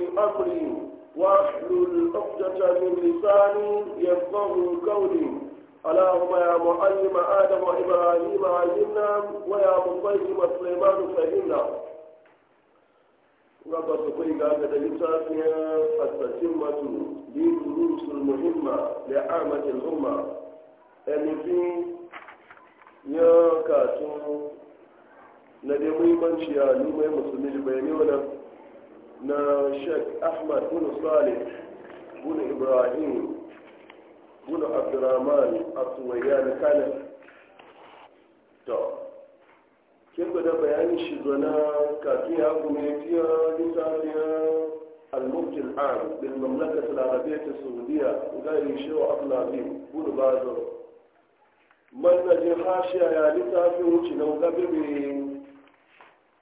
أمري واحلل عقدة من لساني يفقه قولي اللهم يا معلم آدم وإبراهيم علمنا ويا مفهم سليمان فهمنا ربا سكوي قاعدة لتافيا التتمة للدروس المهمة لعامة الأمة يعني في يا كاتون na من muhimmanci ya مسلمي بيني bayanai لا شك أحمد بن صالح بن إبراهيم بن عبد الرحمن الطويان كان طب كيف بدأ بيان شبنا كاتيا كوميتيا لتاليا المفتي العام للمملكة العربية السعودية غير شو عبد العظيم بن بازر من نجي حاشية يا لتافي وشنو قبل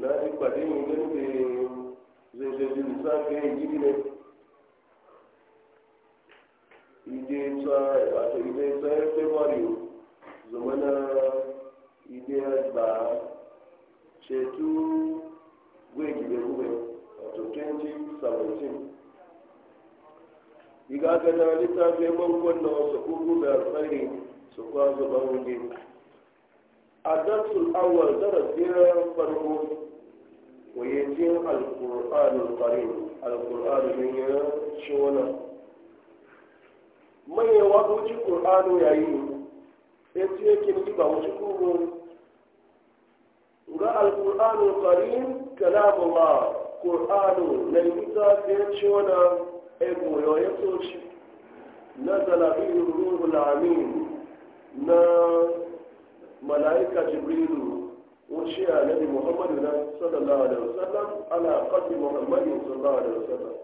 na ji pàdé yìí ló ń pè zèzèzè lùsàgbé yìí lẹ. àti ìdè sọ ẹ fẹwàrì o zọmọnà ṣètú wéèdì lẹwúwẹ twenty seventeen. ìgbà kan náà níta fẹ́ mọ́ ń kọ́ náà sọ̀kú gómìnà àlùfáà yìí الدرس الأول درس فرقون ويتم القرآن القريب القرآن من شونا من يوجه القرآن يعين يتم كنيبا وشكورون ga alƙur'anu ƙarin kalamu ba ƙur'anu na imita ta yi ce wani ego yau ya na zalabi ruhul amin na malaika jibrilu wuce a nabi muhammadu na sallallahu alaihi wasallam ana kafi muhammadu sallallahu alaihi wasallam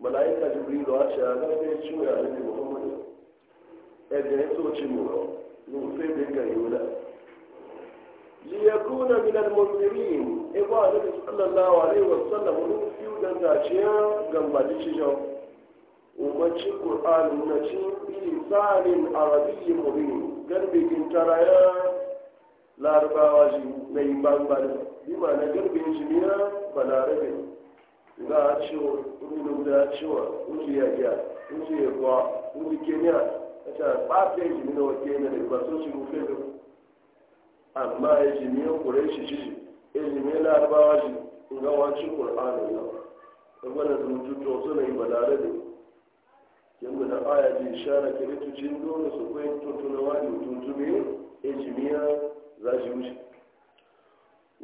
malaika jibrilu a ce a zafi ciwo ya nabi muhammadu ẹgbẹ́ tó ti mú ọ ló ń fẹ́ bẹ́ẹ̀ gà yóò dá. liyakuna min almunzirin ebo a nabi sallallahu alaihi wasallam ló ń fi dangaciya umarci ƙur'ani na ci lisanin arabiyyi mubin garbikin tara ya larabawa shi na yi bambam bi ma na garbin shi ne balarabe za a ciwo inda guda ciwa inji ya gya inji ya kwa inji kenya a ta ɓata shi ne wa kenya da ba so shi rufe da amma ya ji ne kure shi shi ya ji ne larabawa shi in ga wancin ƙur'ani na. Ɗan wani zuwa tuto suna yi balarabe yadda da aya da ishara ke ritucin dole su kwai tuntunawa da tuntuni ejimiya za shi wuce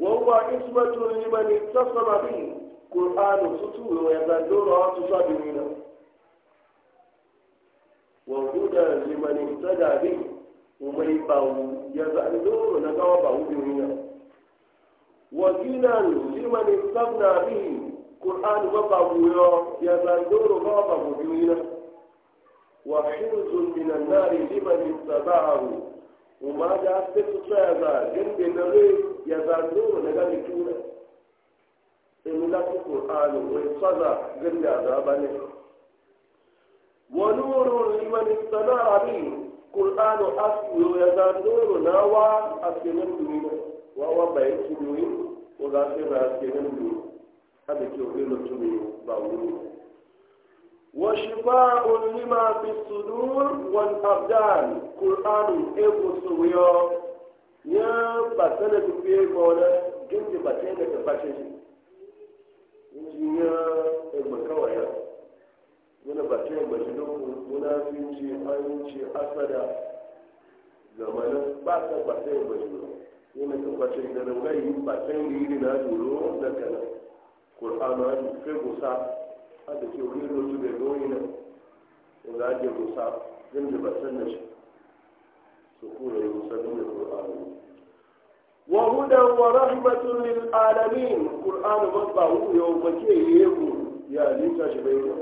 wawa isbatun libani ta sama bi ƙur'anu su tuwe ya zandora wasu sabi nuna wa huda limani ta gabi umai bawu ya zandora na kawa bawu bi nuna wa ginan limani ta gabi ƙur'anu ba bawu yo ya zandora ba bawu bi nuna وحرز من النار لمن اتبعه وما جاء ستة يزا جنب نغير يزا نور نغا نتونا إلا القرآن ويصدى جنب عذابنا ونور لمن استنار به قرآن أسوي يزا نور ناوى أسكنا دوينا وهو بيت دوين وغاسر أسكنا دوين هذا كيف يلتمي باولونا وشفاء لما في الصدور والأبدان قرآن إبو سويو يا بسنة في قولة جنج بسنة بشيش يا إبو كوايا yana bakin majalokun munafinci aminci asada zamanin ba ta bakin majalokun yana tabbacin da nan gai bakin riri na duro da da ke wani lokacin bai gawai nan ko za a je musa, zan da basan da shi su kura yi rosa da ƙur'anu wa huda wa rahmatun lil alamin ƙur'anu ba ba hu yau ba ke yego ya lita shi bai ba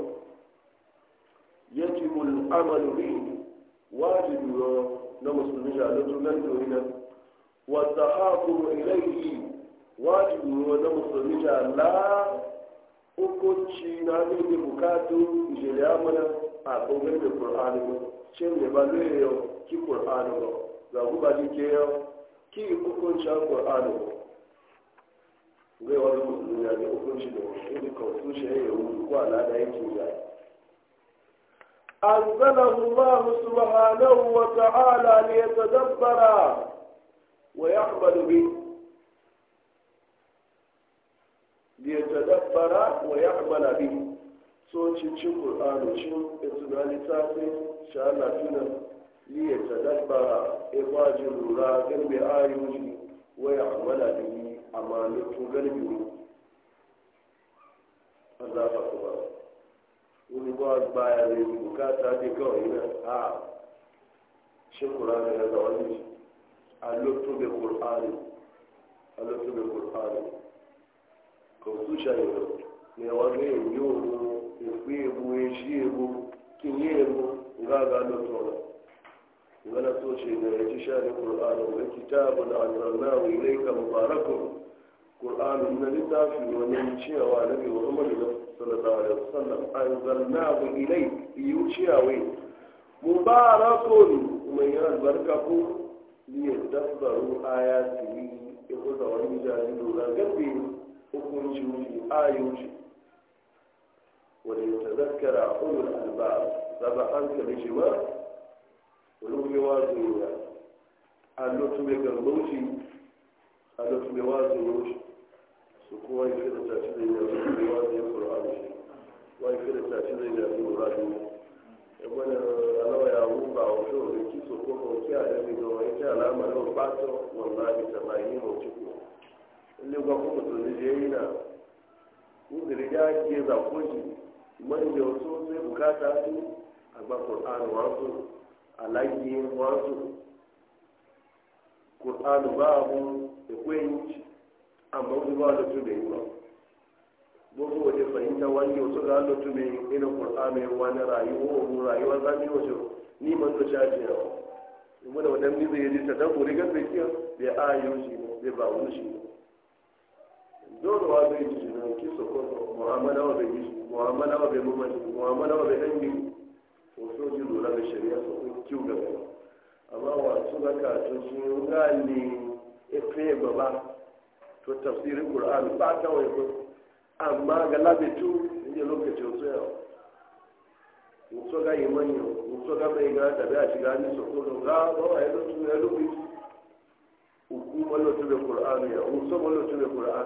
yaji mul amalu bi wajibi ro na musulmi ya lutu nan da wani nan wa tahaqqu ilayhi wajibi ro na musulmi ya la hukunci na ndị da bukatu jiriya mana a tsohon da ƙur'ani ba cin ki ƙur'ani ba za ku ba ke ki hukunci a zai na ne hukunci ya yi wuce ko al'ada ya أنزله الله سبحانه وتعالى ليتدبر به ليتدبر ويعمل به سوتي تشي قران تشي اتناليتاسي ان شاء الله فينا ليتدبر اواجه الرا قلب ايوجي ويعمل به امانه قلبي هذا فقط ونقول بايا لي بكاتا دي كوينا ها شي kọ̀ọ̀túṣà ìlú ni àwọn gbé ìwé òun ìpé ewu eṣí ewu kí ní ewu gáàgá ló tọrọ ìwọ́nà tó ṣe ìgbẹ̀rẹ̀ jíṣẹ́ ní kùránù wọ́n ti táàbù náà àjọ̀rọ̀láwò ilé ìka mubarak kùránù na littafi wani ciyawa na bi wani mali na sallallahu alaihi wasallam an zalnahu ilai iyu ciyawai mubarakun mai yana albarka ko liyar dabbaru ayatihi ya kusa wani jari lura gabe hukunci wuce ayoci wani ta zakara ulul albab zaba hankali shi ma ulubewa zuwa a lotume garbauci a lotume wa zuwa su kowa yi fita tashi da yana su kuma wa zuwa kur'ani shi wa yi fita tashi da yana su kur'ani ya wani ya a ba ta kuma inda ga kuma to ne je da ke za ko shi sai bukata su a ba qur'an wa su alaji wa su qur'an babu da kwenci amma wani ba da tube ba gbogbo waje fahimta wani wasu ga hannu tube ina qur'an wani rayuwa rayuwa zami wajen ni man da yawa wadannan zai yi ta dabbo shi ba wani dole wa ji na ki so ko mu'amala wa bai ji mu'amala wa bai mamaji mu'amala wa bai ko so ji lura da shari'a so ko amma wa su ga ka to su ga ni baba e to tafsirin qur'ani ba ta wai amma ga labitu lokacin ga yi manyo ga tabi a shiga ni sokoro ga ba ya lutu ya lubi hukuma lutu ya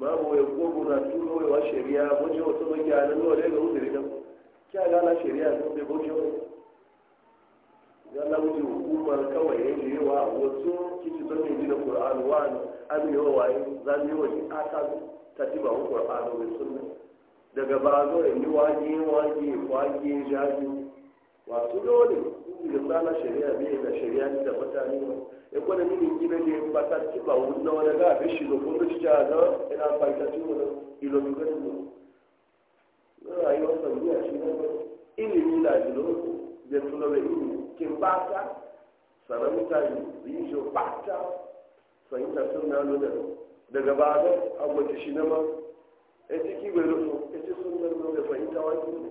babu wai gogo na tuno wai wa shari'a wajen wata maki a nan wale ga wuzuri nan kya gana shari'a sun bai goge wani yana wuce hukumar kawai ya yi wa wasu kici sun yi jina ƙur'an wa an yi wa waye za mu yi ndị ji aka ta ci ba ƙur'an wai sunna daga ba zo yi wage wage wasu dole da sana shari'a bai da shari'a da mutane ba ya kwana mini gina ne ba ta ci ba wani na wani gafe shi da kuma ci ta na ina fahimta ci wani ilomi gani ba na rayuwar sandiya shi ne ba ilimi da jilo da tuna da ilimi kin ba ta sanar mutane yi shi ba ta fahimta sun na nuna daga ba da abuwa shi na ma ya ciki bai rufu ya ci sun na nuna fahimta wani ne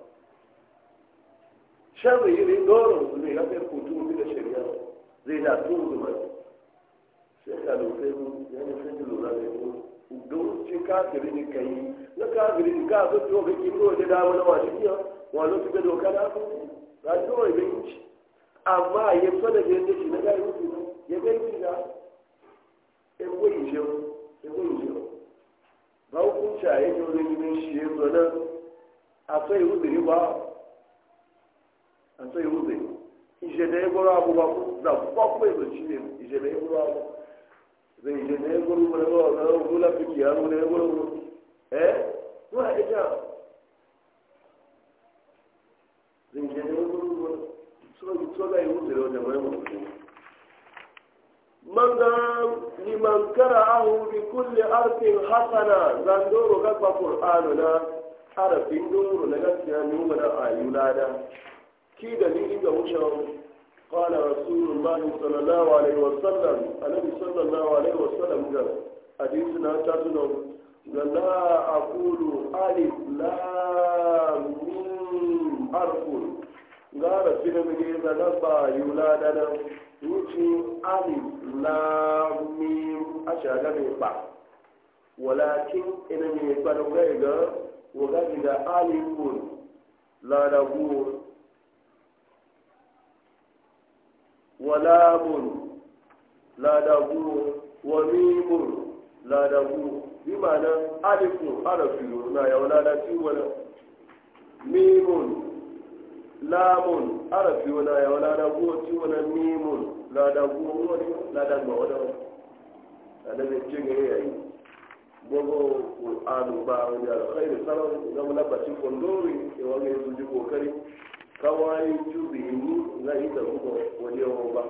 sharri irin doro ne ya fi kutu da shari'a zai da tun zuma sai ka lokai mu ya ne sai lura da mu don ci kafiri ne kai na kafiri ne ka so to ga kiko da da wani wa shi ya wa lo tuka doka da ku da to ne bin ci amma ya so da ne shi na ga yi ya yi yi yi ne ne shi ba a tsaye wuze ije da ya gwara abu ba da kwakwai zo shi ne ije da ya gwara abu zai ije da ya gwara abu da gwara da gwara gula fi kiyaru da ya gwara abu eh zuwa ita zai ije da ya gwara abu suna yi tsoga yi wuze da wajen bayan mutum manga liman qara'ahu bi kulli harfin hasana zandoro ga qur'anuna harafin duru na gaskiya nuna da ayulada ki dalilin da wucin قال رسول الله صلى الله عليه وسلم النبي صلى الله عليه وسلم قال حديثنا تاتنا لا أقول ألف لام ميم حرف قال سيدنا مجيزة نبا يولادنا يوتي ألف لام ميم أشهد ميبا ولكن إن ميبا نبغيغا وغادي ألف لا نقول walamun ladagu wa mimun ladagu bi ma'ana alifun harafi na yau ladaci wani mimun lamun harafi wani yau ladagu wani wani mimun ladagu wani ladagba wani ladagba ce ga yayi gbogbo ƙul'anu ba wani alkhairu sarar ga mulabacin kondori ke wani yanzu ji kokari kawai jubini na ita kuma wani yawan ba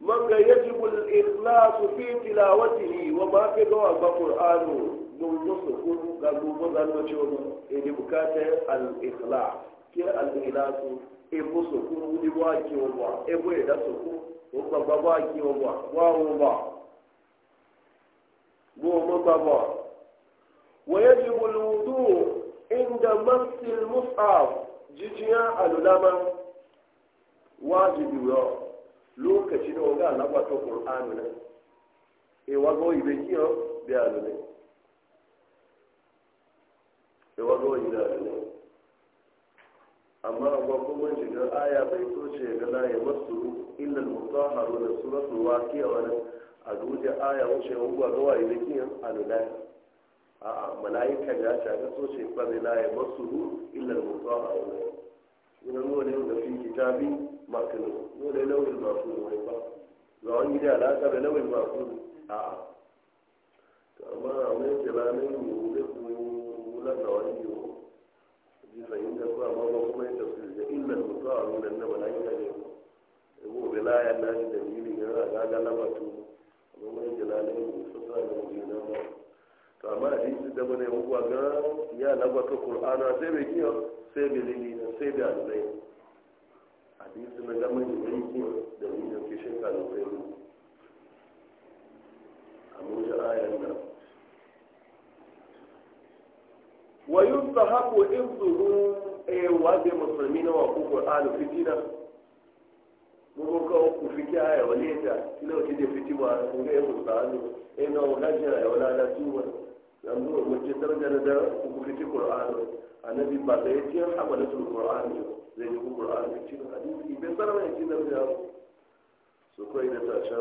manga yajibu al-ikhlasu fi tilawatihi wa ma fi gawa ba qur'anu gungo su kun ga gungo zan wace wani ene bukata al-ikhlas ke al-ikhlasu e musu su kun ni wa ki wa e bo e da su kun o e ba ba ba ki wa wa wa ba bo ma ba ba ويجب الوضوء عند مس المصحف jijiya alulama wajibi yo lokaci da waga lagwato qur'anu na e wago ibe kiyo bi alule e wago ibe alule amma ba kuma shiga aya bai so ce ga la ya masu illa al-mutahharu da suratul waqi'a wa a duje aya wuce ugwa ga wai bikin alulai a mala'ikan ya shaga so ce fari la ya masu illa mutuwa a wani da fi kitabi makinu wani lauyin masu wani ba ga wani gida alaƙa da lauyin masu a to amma a wani kira ne mu ne ku wula da wani yiwu ji fahimta ko amma ba kuma yin tafsir da illa da mutuwa a wani na mala'ika ne ko na da yiri ne a ga lamatu amma wani mu sassa da mu ji ba kama hadisi da bane wuwa ga ya lagwata qur'ana sai bai kiyo sai bai lilina sai bai azai hadisi na gama ne bai kiyo da ni da ke shin kalu sai mu ayan da wa e waje muslimina wa ku fitina mun ko ku ya waleta kila wace da fitiwa mun ina dan duro mace targara da hukunci qur'ani annabi ba da ya ce habalatul qur'ani zai yi qur'ani cikin hadisi bai sarara ya ci da su kai da ta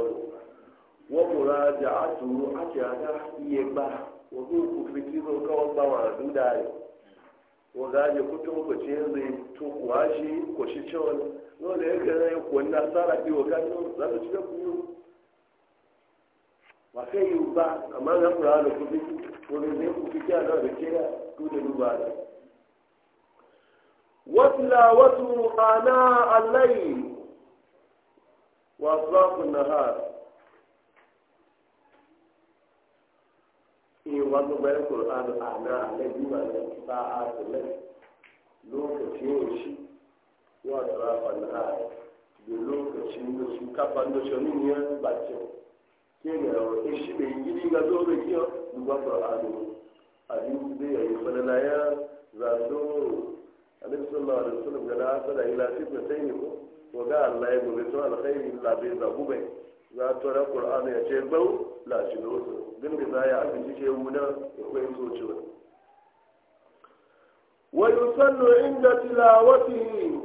wa muraja'atu akiyata iye ba wa ku hukunci zo kawai ba wa wa ko ce zai to kuwa shi ko shi cewa na sara kan za ta ci da wàtẹ́ yorùbá àmọ́ ń kura da kó bí wọ́n lè kó fi kí àná rẹ̀ kí ẹ̀ kó lè lù bàdà. wọ́tìlá wọ́tù àná aláì wà fúláfù nàá ìwà gbogbo ẹ̀ kúrò àná àná alẹ́ bí lokacin ní bá a tẹ̀lé lókòtí na wọ́n àtàrà fà nàá lókòtí òṣì kápá ńlọsọ kenya eshi mai gidi ga zo da kiyo duba qur'ani hadisi dai yayi falala ya zato annabi sallallahu alaihi wasallam ga da sada ila fitna sai ne ko wa ga Allah ya gobe to alkhairi illa za zabube za to da qur'ani ya ce bau la shi do so din bi za ya abin shi ya koyi so ce wa wa yusallu inda tilawatihi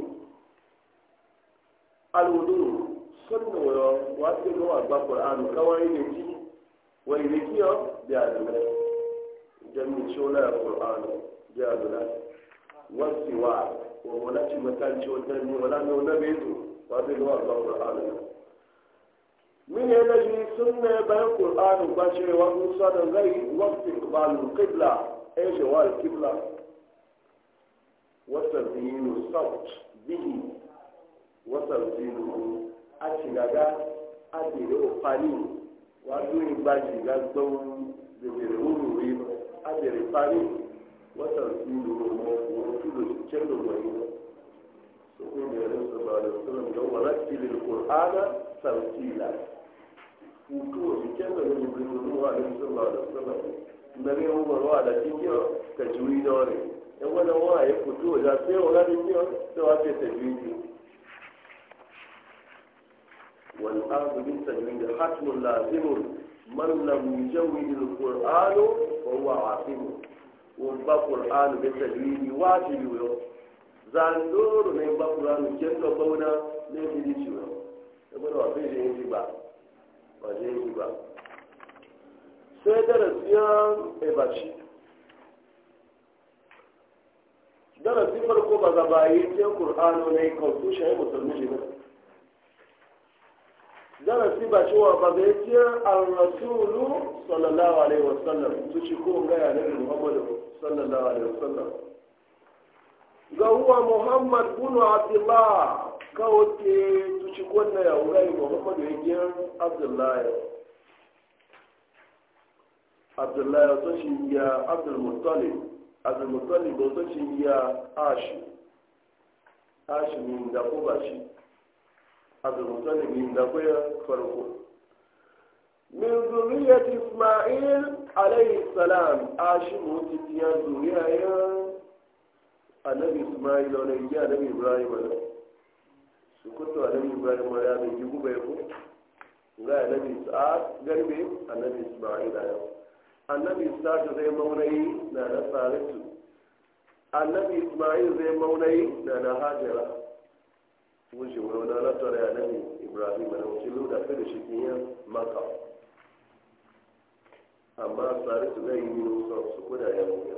alwudu sunna wo wasu ga wa ba qur'an kawai ne ci wai ne kiyo da da jami shola qur'an da da wasiwa wa wala ci matan ci wata ni wala no na bezu wasu ga wa ba qur'an min ya da shi sunna bayan qur'an ba ce wa musa da zai wasu qibla qibla ai shawal qibla وتزيين الصوت به وتزيينه atsigaga adele ofani wadu igbaji gagbɔn bebere wuluwi adele fani wata tulu wotulu tselo wɔyi sokun yɛ lɛ sɔgbɔ lɛ sɔgbɔ lɛ wɔla tili lɛ kur'ana sawtila wotulu tselo lɛ wotulu wɔla sɔgbɔ lɛ sɔgbɔ lɛ ndege wɔlɔ ada titi yɔ kɛtuli dɔ le ewɔlɔ wɔ ayi kutu wɔla se wɔla titi yɔ sɛ wɔla tɛ tɛtuli ti. والأرض بالتجويد ختم لازم من لم يجود القرآن فهو عاصم وبا قرآن بالتجويد واجب يو زاندور نبا قرآن كنت بونا نبدي شو يقول وفي جيني با وجيني با سيدنا سيان إباشي darasi farko ba zaba yi ce ƙur'ano ne kawo tushen musulmi ne darasi ba cewa ba zai ce al-rasulu sallallahu alaihi wasallam su ci ko ga ya nabi muhammadu sallallahu alaihi wasallam ga huwa muhammad bin abdullah ka wote su ci ko na ya wurai muhammadu ya gyan abdullah abdullah to shi ya abdul muttalib abdul muttalib to shi ya ashi ashi min da ko ba shi abdulmutalibin da kuya farko min zuriyat isma'il alayhi salam ashimu titiya zuriya ya annabi isma'il wani ya annabi ibrahim ne su kuto annabi ibrahim ya da gibu bai ko ga annabi isa'ad garbe annabi isma'il ayo annabi isa'ad zai maunayi na na nasaratu annabi isma'il zai maunayi na na hajara wuce wani na tare a nan ibrahim na wuce lura ta da shi kinyan maka amma tsari su zai yi nusa su kuda ya wuya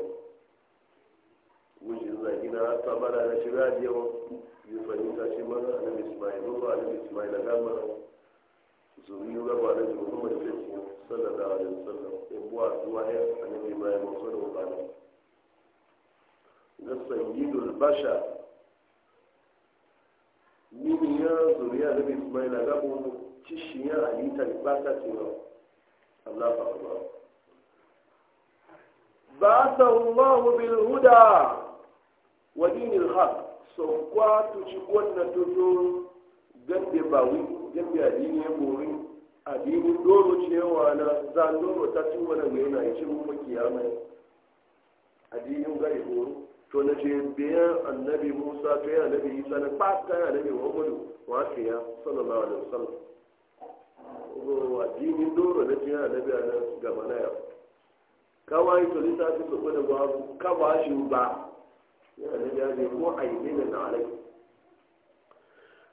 wuce zagi na ta bada na shi radiyo yi fahimta shi mana a nan ismail ruwa a nan ismail na gama zuri yi raba na jiru kuma da zai sallallahu alaihi wasallam ibuwa zuwa ya a nan ibrahim wasu da wubana mini ya zuriya da bai kuma yana gabo cishin ya halitta ne ba ta ce ba Allah ba ba ba ta huda wa dinil haq so kwa tu ci gonna to to rí ba wi gambe adini ya gori adini doro cewa na za doro ta ci wani mai na ci mu kiyama adini ga ya gori to na ce biyan annabi musa to ya annabi isa na fata ya annabi muhammadu wa ke ya sallallahu alaihi wasallam wa dini doro na ce ya annabi a nan gaba na yau kawa yi to lissafi su kuma ba ka ba shi ba ya annabi ya ne ko ne na alai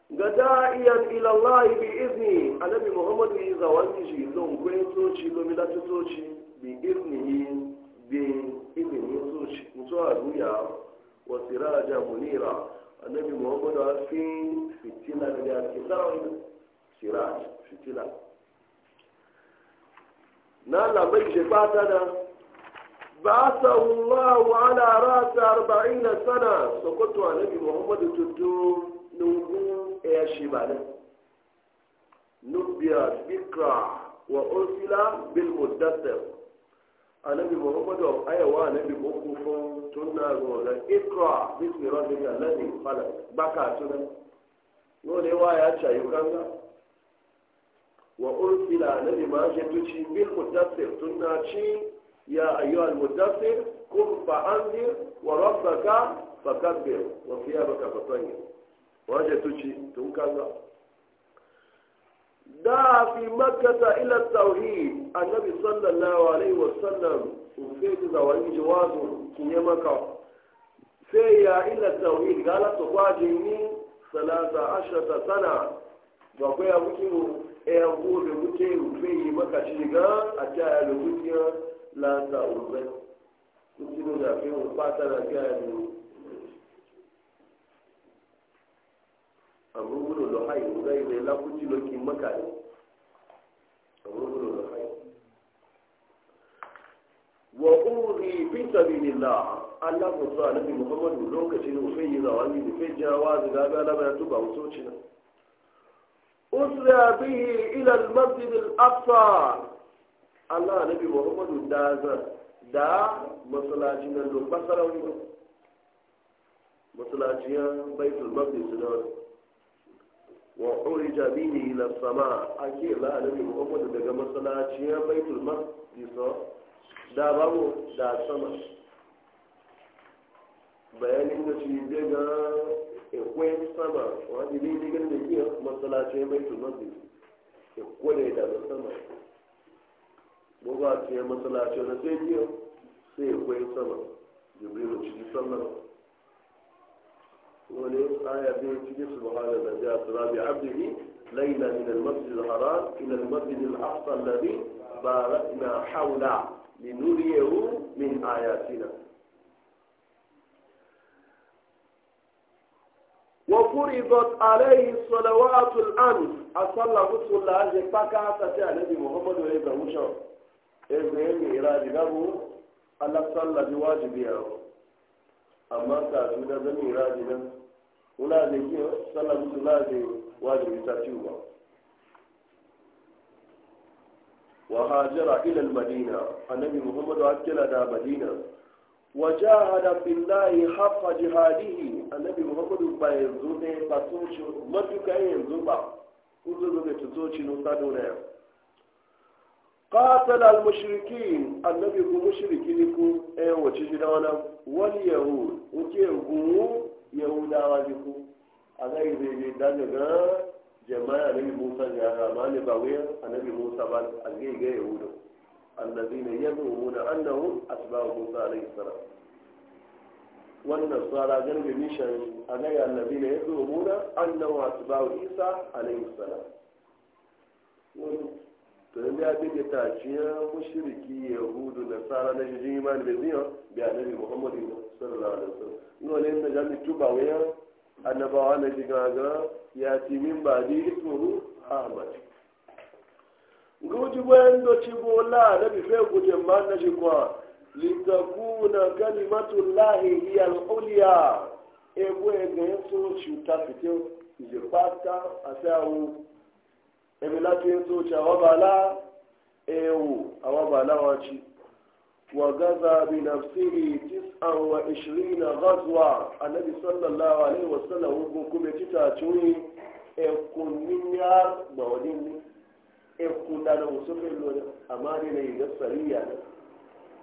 ga da'iyan ilallahi bi izni annabi muhammadu yi zawon shi zon kwen soci lomila ta soci bi yi. bin ilimin zuwa ruya wa siraja munira annabi muhammadu a fi fitina da ya ke tsarawar siraj fitina na labai shi fata da ba sa wa ala rasa arba'in na sana sokoto annabi muhammadu tuttu nuhu ya shi ba nan nubiya bikra wa ursula bil muddassir annabi muhammadu ayawa annabi boko fun tun na ikra bismi rabbika alladhi khalaq baka tunan no ne wa ya ci ayyukan wa ursila annabi ma ya tuci bil mudaththir tun na ya ayyuha al mudaththir kum fa anzir wa rabbaka fakabbir wa thiyabaka fatahhir wa ya tun da fi makkata ila tauhid annabi sallallahu alaihi wasallam sai ji zawani jawazu kinye maka sai ya ila tauhid gala to kwaje ni salasa ashata sana ba ko ya kuke ya gobe kuke rufe maka shiga a ta ya da na yi zai lakuci lokin makare a wurin da kai wa uri fi sabilillah Allah ko sa annabi Muhammadu lokacin ufai yi zawani da fai jawa da gaga na bayan tuba wutoci na usra bihi ila al-masjid al-aqsa Allah annabi Muhammadu da da masallaci nan do basarawi masallaci baitul maqdis da wani wa ƙori jami'i na sama ake la annabi muhammad daga matsalaciyar ya baitul maqdis da babu da sama bayanin da shi daga ikwai sama wani ne daga da ke matsalaciyar ya baitul maqdis ikwai da daga sama buga ce masallaci na sai biyu sai ikwai sama jibrilu ci sama ولي آية بيتي سبحان الله جاء سبحان عبده ليلة من المسجد الحرام إلى المسجد الأقصى الذي باركنا حوله لنريه من آياتنا وفرضت عليه الصلوات الآن أصلى رسول الله عليه فكا أتى النبي محمد وإبراهيم شو إبراهيم إرادي له الله صلى بواجبه amma kafin na zan miraji nan wula da ke sallar musu na da wajen ta ciwo ba wa hajjara ilal madina annabi muhammad wa kila da madina wa jahada billahi haqqa jihadihi annabi muhammad ba yanzu ne ba tsoci matuka yanzu ba kuzo da tsoci nun ta dole قاتل المشركين النبي هو مشرك لكم اي وتجد وانا واليهود وتيغو يهودا واجكو هذا يجي دانا جماعة النبي موسى جاء ما نبوي النبي موسى بل جاء يهود الذين يزعمون انهم اتباع موسى عليه السلام والنصارى جنب ميشن هذا الذين يزعمون انهم اتباع عيسى عليه السلام tun da ta ke taciyar mushiriki yahudu da sara na jijin imani da biya muhammadu sallallahu alaihi wasallam ina na jami tuba wayan annabawa na jigaga ya ti min ba di ituru ahmad guji bayan da ci bola na bife gujin ma na litakuna kalimatullahi hiya al-ulya e shuta ebi láti ń tó ṣe àwọn bàálà ewu àwọn bàálà wọn ṣi wà gaza bi nafsiri àwọn ìṣirí na gazuwa anabi sallallahu alaihi wa ogun kúmi títà tún ẹkùn níyà gbọ̀ọ́dí ní ẹkùn dáná òṣèlú lónìí àmọ́ àdínà ìgbà sàríyà náà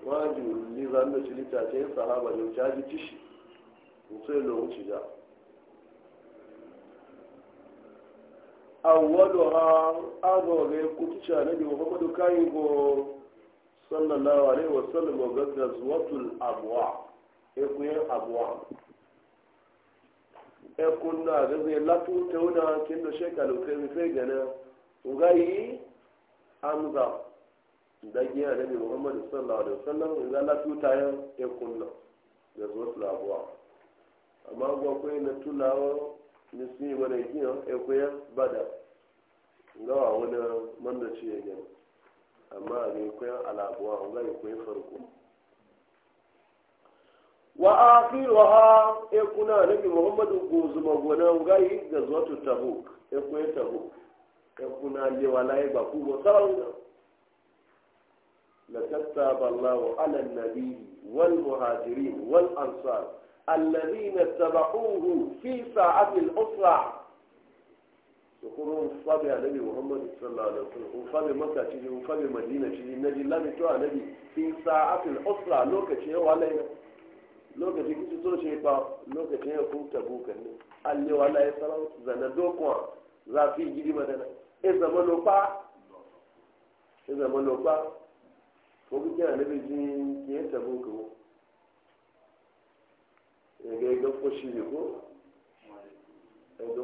wọ́n á jù ní zanúṣe lítà ṣe ń sàhábà ní ọjà ṣì dáa. awwaluha agoge kutuca na bi muhammadu kayi go sallallahu alaihi wasallam ga gazwatul abwa ekuye abwa ekun na ga zai latu tauna shekaru kai mi sai gana ugayi amza da giya da bi muhammadu sallallahu na wasallam ga latu tayo ekun na gazwatul amma ga na tulawa Ni nisi mana kiyan ekwaya bada gawa wani mandaci ya gani amma a ga ekwayan alabuwa a ga ekwayan farko wa akhiruha na nabi muhammadu gozuma gona ngai ga zuwatu tabuk ekwayan tabuk ekuna lewala ba ku ba sarauta لكتب الله على النبي والمهاجرين والأنصار الذين اتبعوه في ساعة الأسرة sukuru fabi anabi muhammadu sallallahu alaihi wasallam un fabi maka shi un fabi madina shi na ji lami to anabi fi sa'atul usra lokaci ya wala ya lokaci kici to shi ba lokaci ya ku tabu kan ne alle wala ya salau zana do ko za fi gidi madana e zaman lo pa e zaman lo pa ko ji anabi ji ege ego foshiri ko ego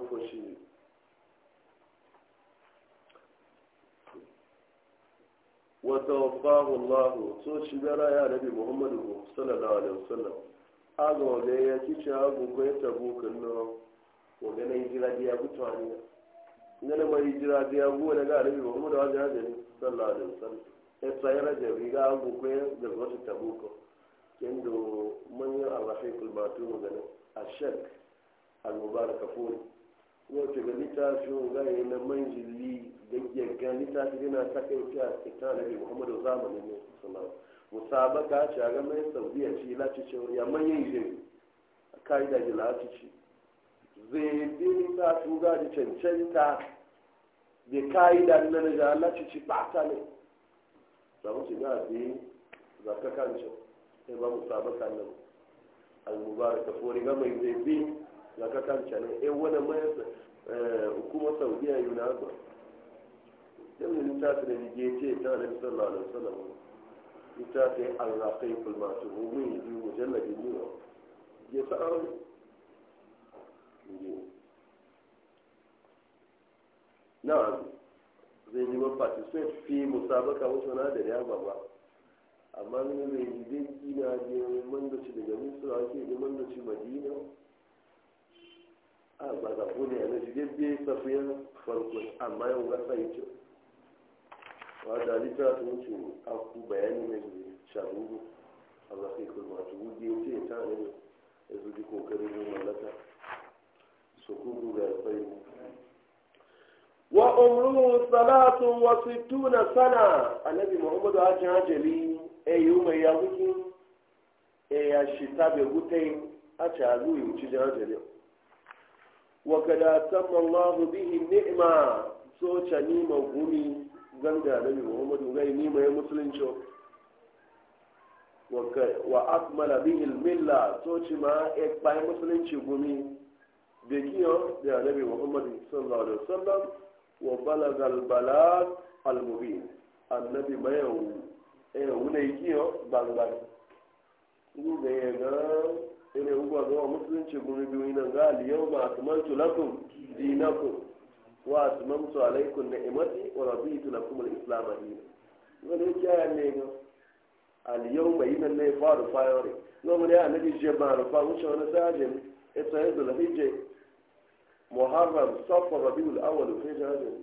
wata ọfahụ الله سو شبرا يا نبي محمد صلى الله عليه وسلم aga wanda ya kice abu ko ya tabo ya anya na nan mai ga nabi Muhammad sallallahu alaihi wasallam ya tsayar da riga abu ko da kendo manyan arrafiqul matum a shek al-mubarak furi wato ga littafin gaya na manjili da gaggan littafi yana takai ta ita e na bi muhammadu zamanin ne sallallahu musabaka ce a ganin saudiya ce lacice ya manyan yi a ka'ida ji lacice zai bi littafi ga da cancanta da ka'ida na na ja lacice ba ta ne za mu ga bi za ka kancin imamu saba sannan al-mubarak fori ga mai zai bi na ka kanca nan eh wani mai eh, hukumar saudiya yuna ba yau littafi da jige ce ta da sallallahu alaihi wasallam littafi al-raqi kul masu mumin bi mujalladi ne ya sa'a na zai yi mafaci sun fi musabaka wasu na da ya ba ba amma mai zai kina ne man da daga misra ake ne man da madina a ba za ku ne yana shige biye safiya farko amma yau ga sai ce wa da lita ta wuce a ku bayani ne ne shabu Allah sai ku ma tu gudi ce ta ne ya zuji kokarin yin mallaka su ku duba sai wa umruhu salatu wa sittuna sana annabi muhammadu hajji hajjali eyi eh, ume ya wuki eya eh, shita be gutai a ci yi wuci jana jere wa kada tamma Allahu bihi ni'ma so ca nima gumi ganga nabi Muhammadu gai nima ya musulunci wa akmala bihi al-milla so ci ma e pai musulunci gumi da kiyo da nabi Muhammadu sallallahu alaihi wasallam wa balagal bala al-mubin annabi mayawu ee wuna ikiyo gbangbang ngube ya ga ene ugwa ga wa musulunci gumi biyu ina ga aliyau ma atmantu lakum dinakum wa atmamtu alaikum ni'mati wa raditu lakum al-islam dinan ngale kiya ne ga aliyau mai ina ne faru fayore ngomre ya nabi je ba rufa wuce wani sajin ita yanzu lahije muharram safar rabiul awwal fi jahannam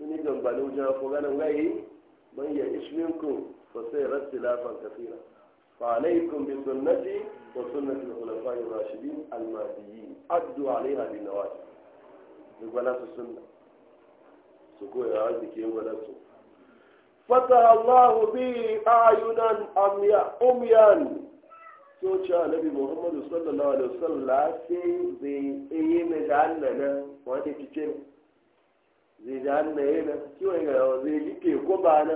من يدعون بانه جاء فغانا وغيه من يعيش منكم فسيرى اختلافا كثيرا فعليكم بسنتي وسنة الخلفاء الراشدين المهديين عدوا عليها بالنواجد يقول لا سنة سكوه يا عزي كيف ولا سنة فتح الله به أعينا أميا سوچا نبي محمد صلى الله عليه وسلم لا سي زي لنا وانا تتشمي zai ji yi na kiwon ga zai like ko ba na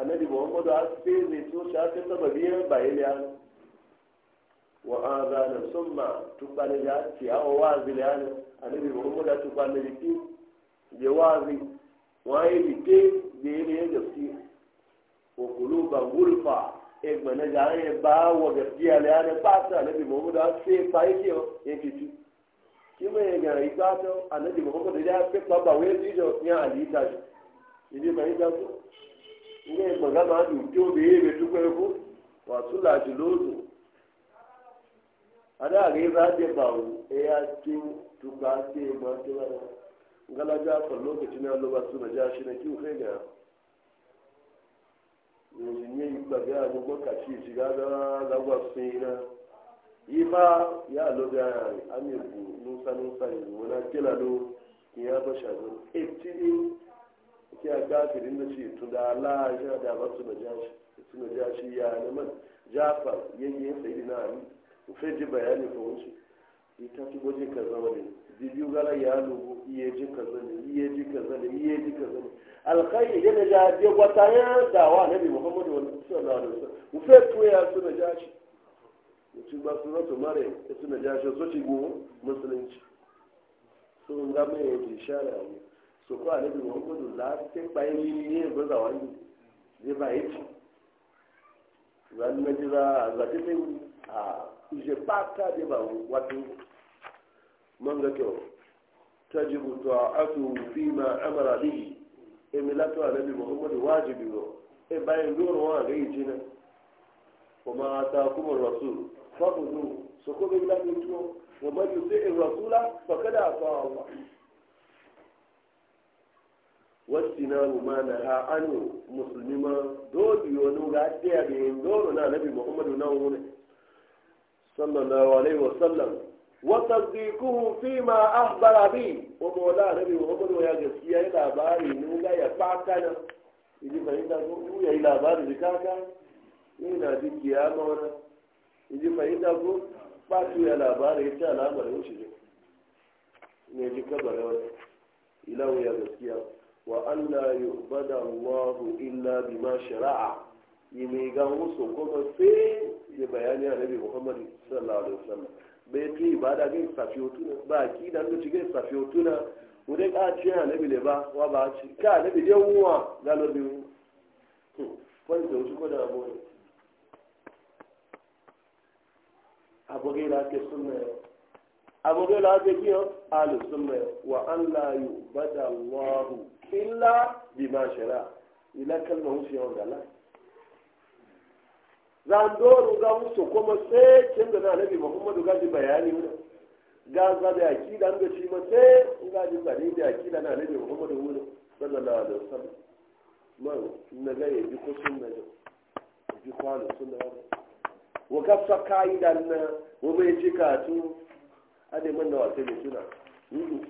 annabi muhammadu a sai zai so shi aka saba biyan bayan ya wa an zana sun ma tukwane da ce awa wazi da yana annabi muhammadu a tukwane da ke da wazi waye like da yana ya gaskiya wa kuluba gulfa egbe na jahanye ba wa gaskiya da yana ba ta annabi muhammadu a sai fa yake yankitu kima ya ga riga ta annabi muhammadu da ya ya alita shi ibi ye be tukwe ko wa sula jilozo ada ga za ta ba e ya ti tuka te ma te ba ngala ja ko lokacin na lo ba su na ja shi na ki kai ga ne ka ima ya alobi aya ami ebu nusa nusa yi wona kila ki ya ba shagun etini ki aga kirin da shi tun da ala ya da ba su najashi su shi ya ne man jafar yayin sayyidina ali fe ji bayani ko wuce ta ti goje ka zama ne bibiyu gala ya lugu iye ji ka zane iye ji ka zane iye ji ka zane ya yana da je gwata ya dawa nabi muhammadu sallallahu alaihi wasallam fe tuya su shi mutum ba su zato mare ya suna jashe so ci gumo musulunci sun ga mai yanzu shara ne su ko a nabi muhammadu la ta bayan yi ne ba za wani zai ba yi ci zan na jira zafi ne a je ba ta je ba wato man ga kyau a ta'atu fi ma amara bihi emilatu a nabi muhammadu wajibi ne e bayan doro wa ga yi jina kuma ta kuma rasul fahimu su kome gida ne tuwo ga mafi sai in rasula ba na ma na na nabi muhammadu na wa sallam wa tasdiquhu fi ma ahbara bi wa mawla nabi muhammadu ya gaskiya ya labari ne ga ya faka na idan bai da ko ya labari da kaka ina dikiya ma wannan ji fahimta ko ba ya labarai ya ce alamar wuce ne ne ji kabara wani ilawu ya gaskiya wa an la yubada Allahu illa bima shari'a yi mai ga musu kuma sai ya bayani a nabi Muhammad sallallahu alaihi wasallam bai ta ibada ga safi hotuna ba ki da ga ci ga safi hotuna wurin a ci a nabi le ba wa ba ci ka nabi yawwa ga nabi hmm. wani da wuce ko da abu ne abogai da ake sunna yau abogai da ake kiyo wa an la yu bada allahu illa bi ma shara ila kalma wuce yawon gala za ga su kuma sai kin da nabi muhammadu gaji bayani wuna ga da yaki da shi ma sai ga ji zane da da na nabi muhammadu wurin sallallahu alaihi wasallam man na ga yabi ko sunna ji kwano sunna wa kafa ka'idan na wa bai ci katu a da man da wasu da suna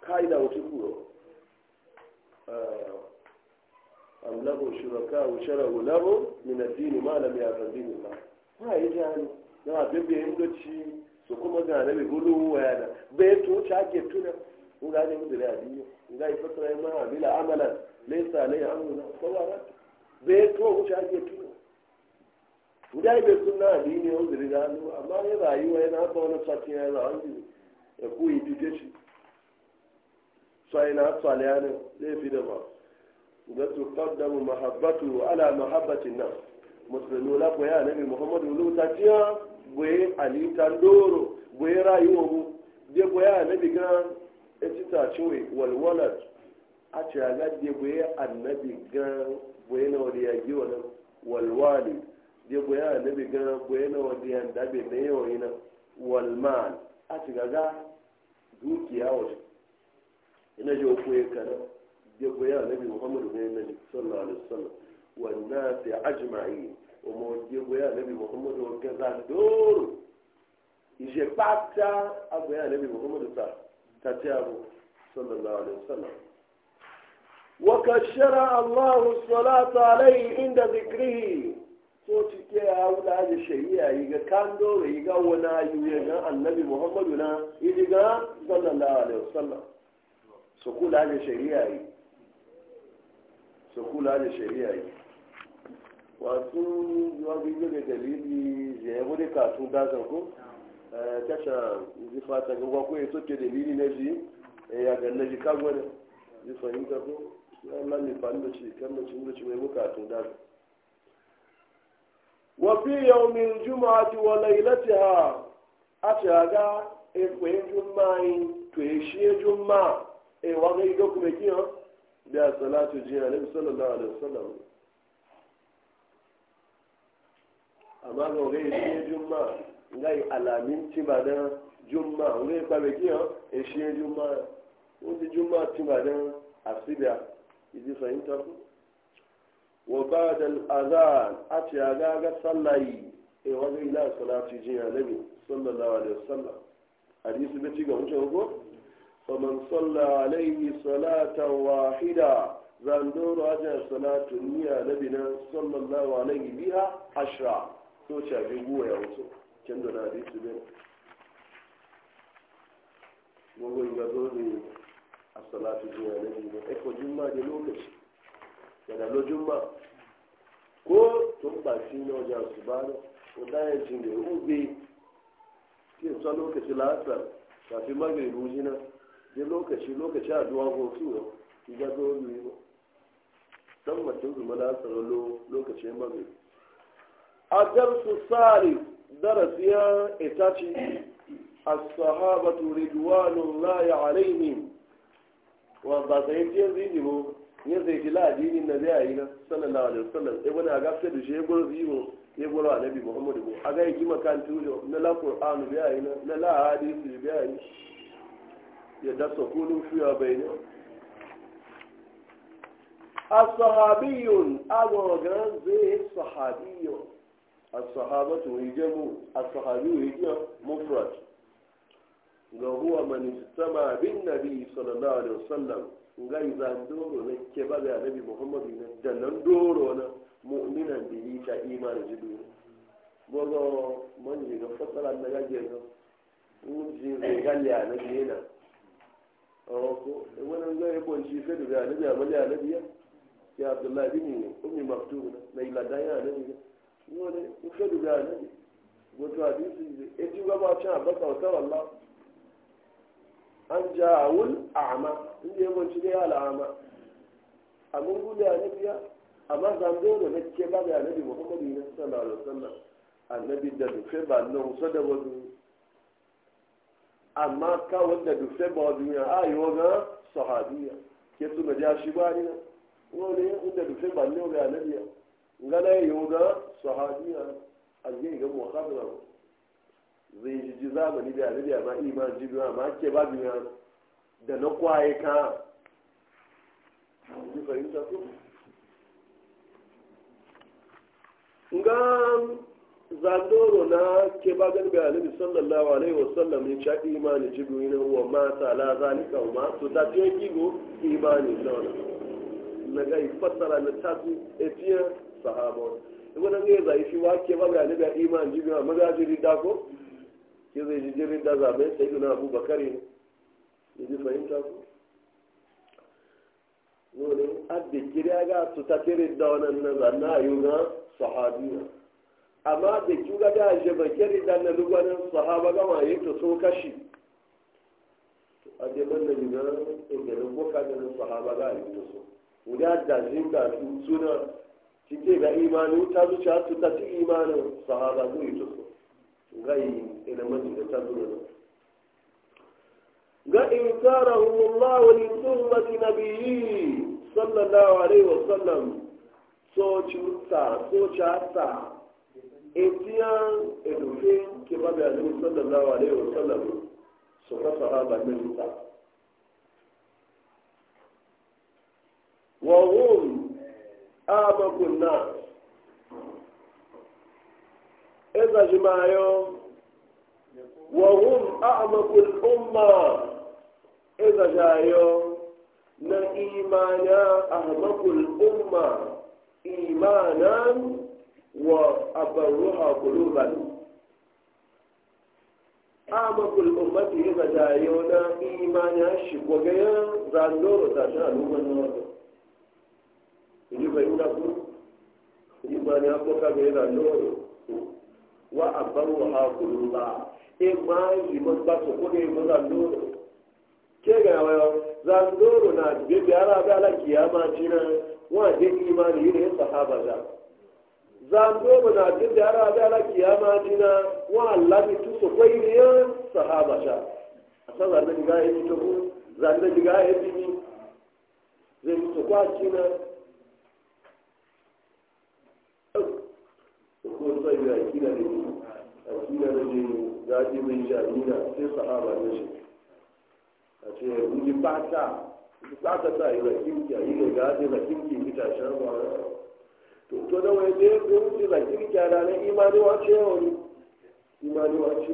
ka'ida wata kuro am lahu shara shara'u lahu min ad-din ma lam ya'zan din Allah ha yajan na bibbe indoci su kuma ga nabi wa yana bai to ta ke tuna ko ga ne mun da hadisi mun ga ifasara ma bila amalan laisa alaihi amruna sawara bai to wuce ake tuno guda bai sunna addini ya uzuri da hannu amma ya rayuwa yana haka wani sati ya zawa ji ya koyi dike shi sai na tsale yana zai fi da ba ga su kaddamu mahabbatu ala mahabbatin nan musulmi la ko ya muhammadu a ce a gaɗe boye annabi gan boye na wani yagi wani walwali de boye annabi gan boye na wani yan dabe na yawa yi na walman a ce gaga dukiya wasu ina ji ko ya kana de boye annabi muhammadu ne na sallallahu alaihi wasallam wannan sai ajma'i omo de boye annabi muhammadu wa gaza doro ije pata agboye annabi muhammadu ta ta ce abu sallallahu alaihi ta. وقد شرع الله الصلاة عليه عند ذكره so cike ya wuda da shari'a yi ga kando da yi ga wani yuye ga annabi muhammadu na yi ga sallallahu alaihi wasallam su kula da shari'a yi su kula da shari'a yi wasu yawa biyu da dalili da ya wuri katun gasar ko tasha zifa ta gaba ko ya soke ya na ji Allah mai da shi kan bukatu da wa fi yawmin jumu'ati wa lailatiha a ga e ko e jumu'ai to e shi e jumu'a e wa ga ido kuma da salatu ji alayhi sallallahu alaihi wasallam amma ga ga shi ngai alamin ti ngai ba be e shi ti e e asibiya izi fahimta ku wa ba da azan a ce a gaga sallayi e wazo ila salati jin annabi sallallahu alaihi wasallam hadisi bai ci ga mutum ko faman salla alaihi salatan wahida zandoro aja salatu ni annabi nan sallallahu alaihi biha ashra to ce bi guwa ya wuce kin da hadisi bai mun ga zo ne a salatu zuwa na jima eko eh, juma da lokaci yana lo juma ko tun ba shi na wajen su ba na wanda ya ji ne ube ke sa lokaci la'asar kafin magari rujina da lokaci lokaci a duwa hotu yau ki ga zo yi ba dan mutum zuma la'asar lokacin magari a tsari sari darasiyar itaci الصحابة رضوان الله عليهم wa ba sai tiyan zibo ne sai kila addini na zai ayi na sallallahu alaihi wasallam e wani aga fe dushe gol zibo e gol annabi muhammadu go aga yi makan tujo na la qur'an bi ayi na na la hadisi bi ayi ya da sokulu fi abaina الصحابي أبو غرز الصحابي الصحابة هجموا الصحابي هجم مفرد ga huwa man istama bin nabi sallallahu alaihi wasallam ga izan doro ne ke ba ga nabi muhammadu ne da nan doro na mu'minan bihi ta imanin jidu bogo man ji ga fasara na ga ge ga mun ji ga galle a na. yana ko wannan ga ya bonci sai da nabi a mali a nabi ya ya abdullahi bin ummi maktub na ila da ya nabi wala ko sai da nabi wato hadisi e ti ga ba cha ba ka sallallahu an ja'awul a'ma inda ya manci da al'ama abin gudu a nabiya amma zanzo da na ke ba da annabi muhammadu ne sallallahu alaihi wasallam annabi da dufe ba na wusa da wasu amma ka wanda dufe ba wasu ya a yi waga sahabiya ke suna ja shi ba ne wani inda dufe ba ne waga annabi ya ngana yi waga sahabiya a ga muhammadu zai ji ji zamani da alibi ma iman ji biyu ma ke ba biyu da na kwaye ka ji fahimta su nga zandoro na ke ba gani ga alibi sallallahu alaihi wa sallam ya cha imani ji biyu ne wa ma ta la zalika ma to da ke kigo imani zauna na ga ifassara na tasu etiya sahaba wannan ne zai shi wa ke ba ga alibi iman ji biyu ma ga ji da ko ke zai ji jirin da zaɓe sai na abu bakari ya ji fahimta ku nune adda kiriya ga su ta kiri da wannan na zanna a yi na sahabiya amma da kyuga da aje ba kiri da na lugwanin sahaba gama yi ta so kashi a je ban da gina inganin boka da na sahaba ga yi ta so guda da zinga suna cike ga imanin ta zuciya su ta ci imanin sahaba zai yi ta so gai ina maji da ta zuwa in karahu Allah wa li sunnati nabiyyi sallallahu alaihi wa sallam so chuta so chata etiyan edufe ke babu alaihi sallallahu alaihi wa sallam so ta wa hum abakun nas إذا جماعيو وهم أعمق الأمة إذا جايو نإيمانا أعمق الأمة إيمانا وأبرها قلوبا أعمق الأمة إذا جايو نا إيمانا شبوغيا زاندور تاشا لوما نورد يجب أن يكون إيمانا فوقا غير wa abaru ha kuluba e ma yi mo ba so ko de mo da do ke ga wa za do na be bi ara ga la kiyama jina wa de imani ne sahaba da za do na be bi ara ga la kiyama jina wa Allah mi tu so ko ne sahaba da asaba da ga yi e to za da ga yi e bi zai so kwa jina ko sai da akida da da ji mai shamina sai sahaba ne shi a ce guji fata fata ta yi a yi da gaji rakinki mitashen wani to to da wani da ya a ranar imani wa ce wani imani wa ce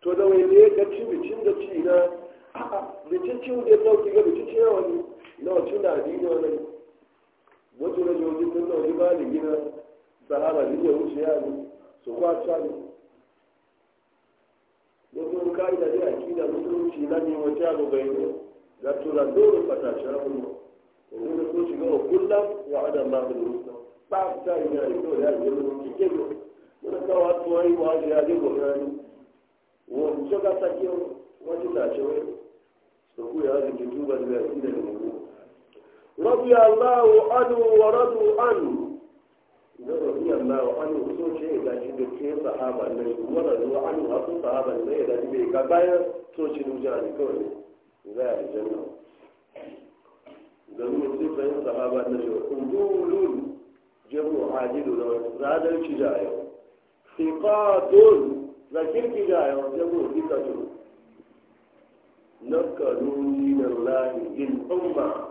to da wani da ya bicin da ci na a'a bicin ci sauki ga bicin ci wani na wacin da adini wajen na sahaba nígbà oúnjẹ àgbò sòkó àtúwàlù gbogbo káyọ̀ ní àkídà mọ́tòlùsì láti wọn tí àgbò bẹ̀rẹ̀ lọ gàtúrà lóòrò pàtàkì ụmụ ọmọ òun ló tó ṣùgbọ́n òkúńlá wà á dàgbà pẹ̀lú páàpù ìrìn àjò rẹ̀ àjò ló ti kéwò رضي الله عنه سوشي إذا جد كي صحابة من ورد عنه أبو صحابة من إذا جد كبايا سوشي نجاني كوني لا الجنة domin mutum fahim sahaba na shi kundulun jamu adilu na zadar ki jayo da yau, ki jayo jamu sikatu nakalu min lahi in umma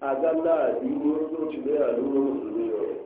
agalla bi mutum ne a lura musulmi yau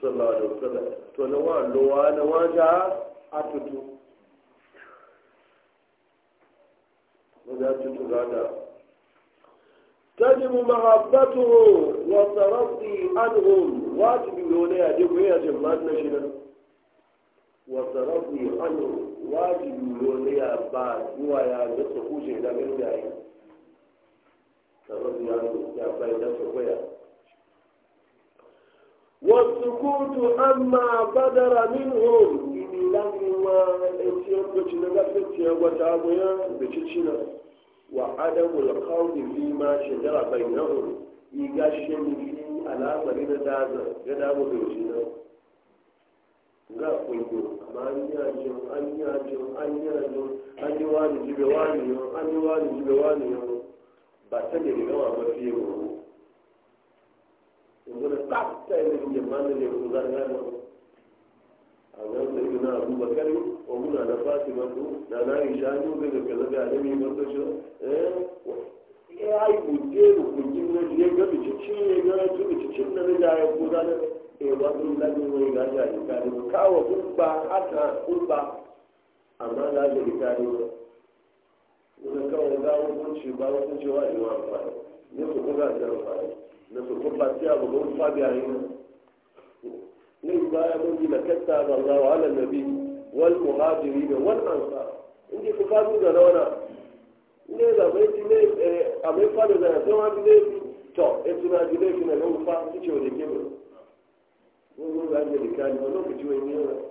kea a aa a aa a والسكوت أما بدر منهم لما اتيان بتشنا فتيان وتابويا بتشنا وعدم الخوض فيما شجر بينهم يقشم في على مرينة دازا يدعو بيوشنا ga kungo amma an yi an jibe wani yau an jibe wani yau ba ta ne gawa mafi yau yanzu da tsafta yana yin jamanin da ya kuza ya nan a nan ina yi na abu na fatima su na na yi shanu zai da da alimi ba ta eh ya yi bude da kungin ne ya ga bicicin ya ga su bicicin na da ya kuza na eh ba sun lafi wani gashi a jikani kawo kulba haka kulba amma na ne? jikani ba wani kawai za hukunci ba hukunci wa iwa ne su kuka da amfani na su ko fatiya ba ko fabiya yi ne ba ya mun ji lakatta Allah wa ala nabi wal muhajiri da wal ansar inda ku ka da rawana ne da bai ne a mai fada da sai wani ne to e tuna ji ne kina ne fa ki ce wani ke ba mun ga ne da kai ba lokaci wani ne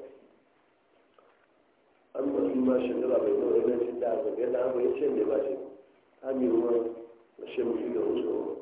amma in ma shi da bai zo da shi da ga da bai ce ne ba shi amirwa shi mu da wasu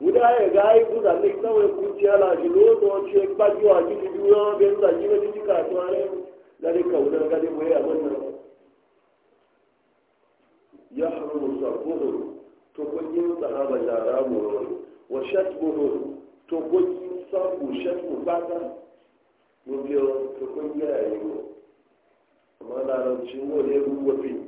wudaya gai kuza ne kawai kuciya la shi lodo ce kwaji wa gidi biyo da gina gidi ka to ne da ne ya wudan a wannan ya haru sabuhu to ko yin sahaba da rabu wa shatbuhu to ko yin biyo to ko ya yi amma da ran cin wole ruwa fi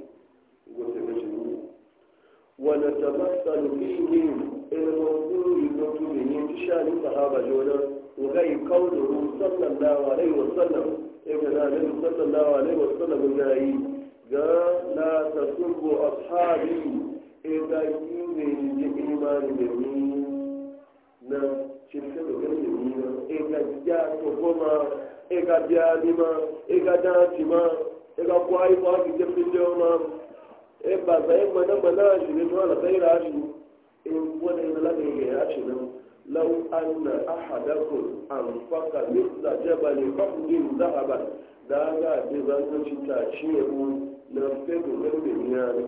ونتمثل فيهم الموضوع المطلوبين بشان الصحابة جونا وغي قوله صلى الله عليه وسلم ابن النبي صلى الله عليه وسلم النهي قال لا تسبوا أصحابي إذا كنت إيمان بمين na shirka da gani ne na ega ja to goma ega ja ni ma ega da ti ma ega kwai kwa ki je pinde ma e eh, ba za yi eh, mana mana a shi ne zuwa da da shi in wani yana lada ya eh, ya shi nan lau an na ahadakun an faka mista jabali kafin zahaba da ga ce zan ci ta ci ya mu na fedo na ne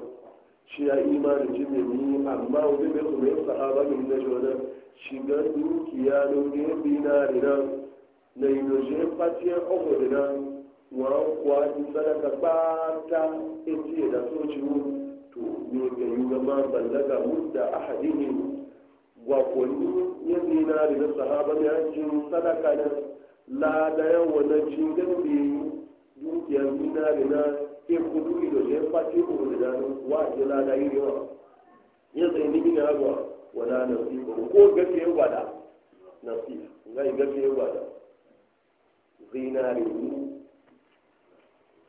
shi ya imanin ji ne ni amma wani bai kuma yin sahaba min na jona shiga dukiya na na yi wọn kwa sadaka bata ita da soci to ne ga yi gama ballaga mudda ahadihim gwakonni ya zina da na sahaba ya jin sadaka na lada yawa na jin gambe dukiyar zina da na ke kudu ido da ya fashe kuma da dano wa ce lada yi yawa ya zai ni gina agwa wala nasiba ko gafe ya gwada nasib ngai gafe ya gwada zinari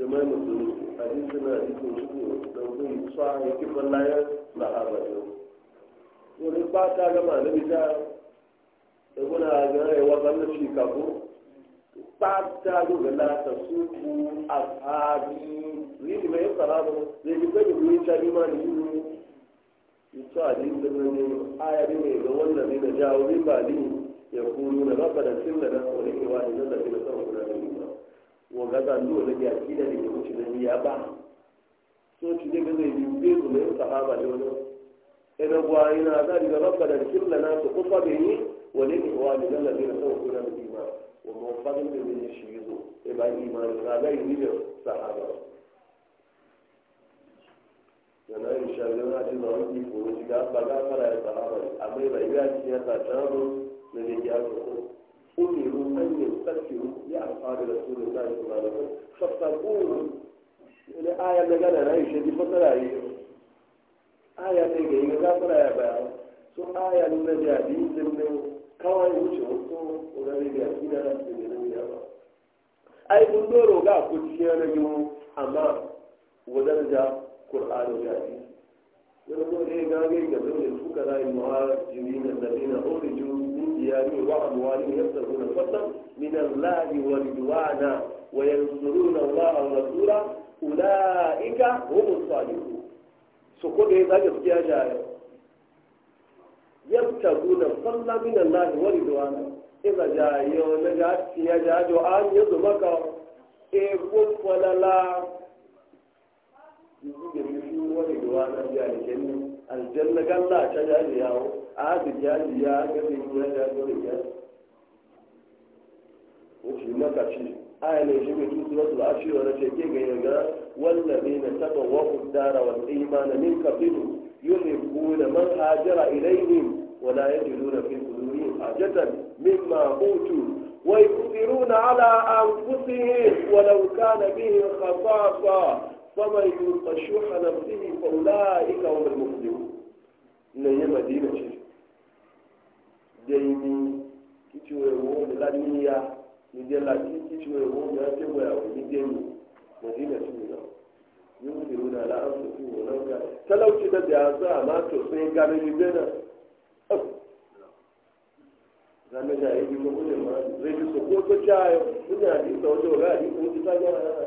ya mai mutum hadisi na hadisi da kun sa ya ba ta gama na bita da kuna gana na shi kafo ba ta na ta su a sahabi mai zai yi bi ma ne yi da ne ayari ne ga wannan ne da jawo ba ne ya kuru na da na wani kewa ne na da sama guda da ba wọ̀gádà lóò lẹ́bi àkílẹ̀ lè kó tì lẹ́bi yaba so ti dé gbẹ́dọ̀ ìlú gbé ń sàkà àbàlẹ̀ wọn ẹnẹ́gbọ́ ayé náà adáàdì bàbá padà kí ló lẹ́nà tó kó fàbẹ̀ yín wọlé ní àdìgbà lẹ́bi rẹ̀ ìmọ̀ wọ́n mọ ní a fara ya ya na أمروا أن يستغفروا لأصحاب رسول الله صلى الله عليه وسلم فاستغفروه الآية اللي قالها أنا يشهد الفترة هي آية تيجي هي كافرة يا بابا سو آية النجابي سنة kawai wuce wasu ƙorari da yaki da rasu da nan yawa ai mun doro ga ku cikin rage amma wajen da ƙur'ani ya yi wani ko ne ga gai ga zai suka rayu ma بديارهم وأموالهم يبتغون فضلا من الله ورضوانا وينصرون الله ورسوله أولئك هم الصالحون سكون هذا يفتيا جاية يبتغون فضلا من الله ورضوانا إذا جاية ونجات فيها جاية وآن يضمك إيقون فللا يجب أن يكون ورضوانا جاية الجنة الجنة قال لا تجاهل ياهو aga jaji ya aga mai ya da gore ya wuce maka ci aya ne shi mai tutu wasu ashirar na sheke ga yaga wallabi na taba wakun dara wal imana min kabilu yuhibbuna man hajara ilaihim ولا يجدون في صدورهم حاجة مما أوتوا ويؤثرون على أنفسهم ولو كان بهم خصاصة فمن يوق شح نفسه فأولئك هم المفلحون. إن هي مدينة شرك. deyini kitiwo ewo ni laniya nidela kitiwo ewo ni atebo ya nideni madina tuni na yusiru na la an su wo nan ga talauci da da za ma to sai ga ni bena zanne da yi mu ko ma zai ji so ko to chayo ina di so do ga di ko ti ta ga na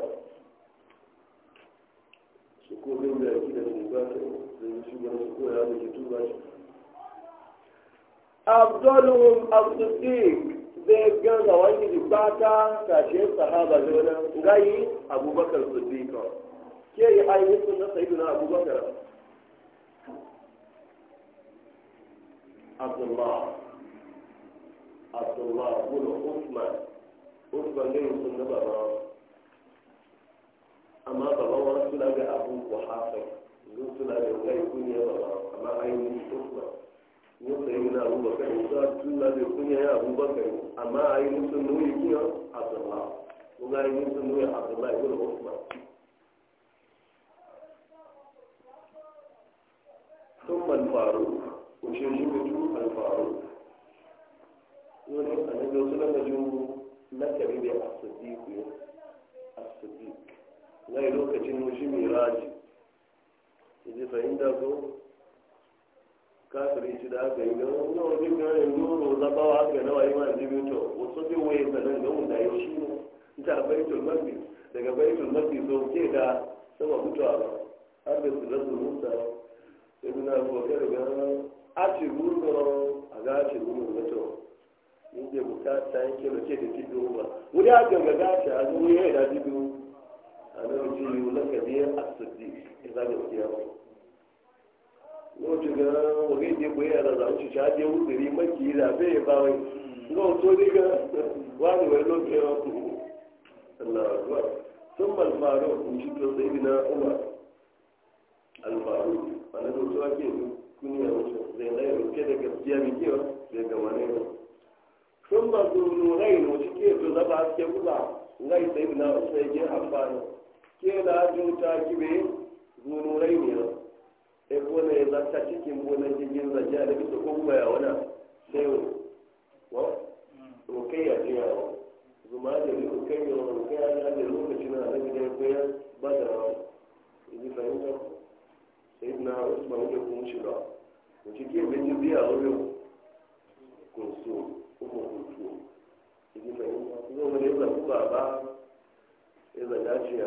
su ko bin da kidan ba ta zai shi ga su ko ya da tuba abdulhum as zai gaza wani dibata kashe sahaba jona gayi abubakar siddiq ke yi ayi sunna na abubakar abdullah abdullah bin usman usman ne sunna baba amma baba wa suna ga abu kuhafa suna ga kai kunya baba amma ainihin usman ne sai yana abubakar musa tun na bai kunya ya abubakar amma a yi musu nuyi kunya abdullah ko ga yi musu nuyi abdullah ibn usman ثم na وشيشبه الفاروق a أنا جوزنا a نكري بالصديق الصديق لا يلوك تنوشي ميراج إذا فإن ده kafiri ci da aka yi ganin na wajen ganin zabawa haka nawa wayi ma to wasu bi waye sanan ga ya shi ne baitul maqdis daga baitul maqdis so ke da sama mutuwa ba har da su da musa ibn al ga a ci gurgo a ga ci gurgo to bukata yake da ke da kido ba wuri a ga ga ta a da a nan ji wọ́n ti gan wọ́n yé pé àdàdà oṣù ṣáájú ewúrẹ́rì mẹ́kì yìí làbẹ́ ìbáwé ńgbọ́n tó ní gan wọ́n á wẹ̀ lókè ọkùnrin ẹ̀làdùà tó mọ̀ àlùfáàrọ̀ oṣù tó sẹ́yìn náà ó wà àlùfáàrọ̀ àlẹ́ tó wájú èmi kú ní àwọn lẹ́yìn náà yóò kéde kẹfì àmì kí ọ lè tó ebona ya zata cikin bona cikin zanje a bisa kuma ya wana sai wa rokai ya jiya wa zuma da ni rokai ya wa rokai ya da lokacin da annabi koya ba da rawa ni fahimta sai na usman da kuma shi ba mu ci bin kuma fahimta ba ba ya ya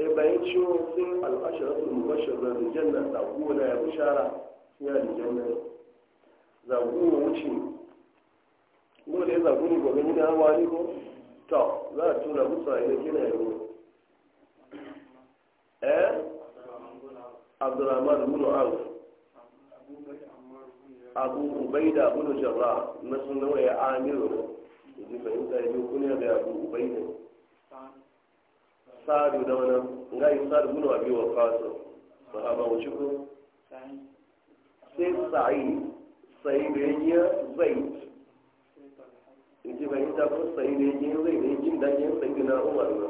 e bayan ciwo sun al'asharatul mubashara da janna zagu na ya bishara ya da janna zagu wuce dole zagu ne gobe ni da hawa ko to za a tuna musu a ina gina yau eh abdurrahman bin auf abu ubaida bin jarrah na sunan ya amiru ji fahimta ya yi da abu ubaida sadu da wani nga yi sadu muna wa biyu wa kasu sahaba mu ci ko sai sa'i sai da ya zai in bai ta ko sai da ya zai da jin da ya sai na umar na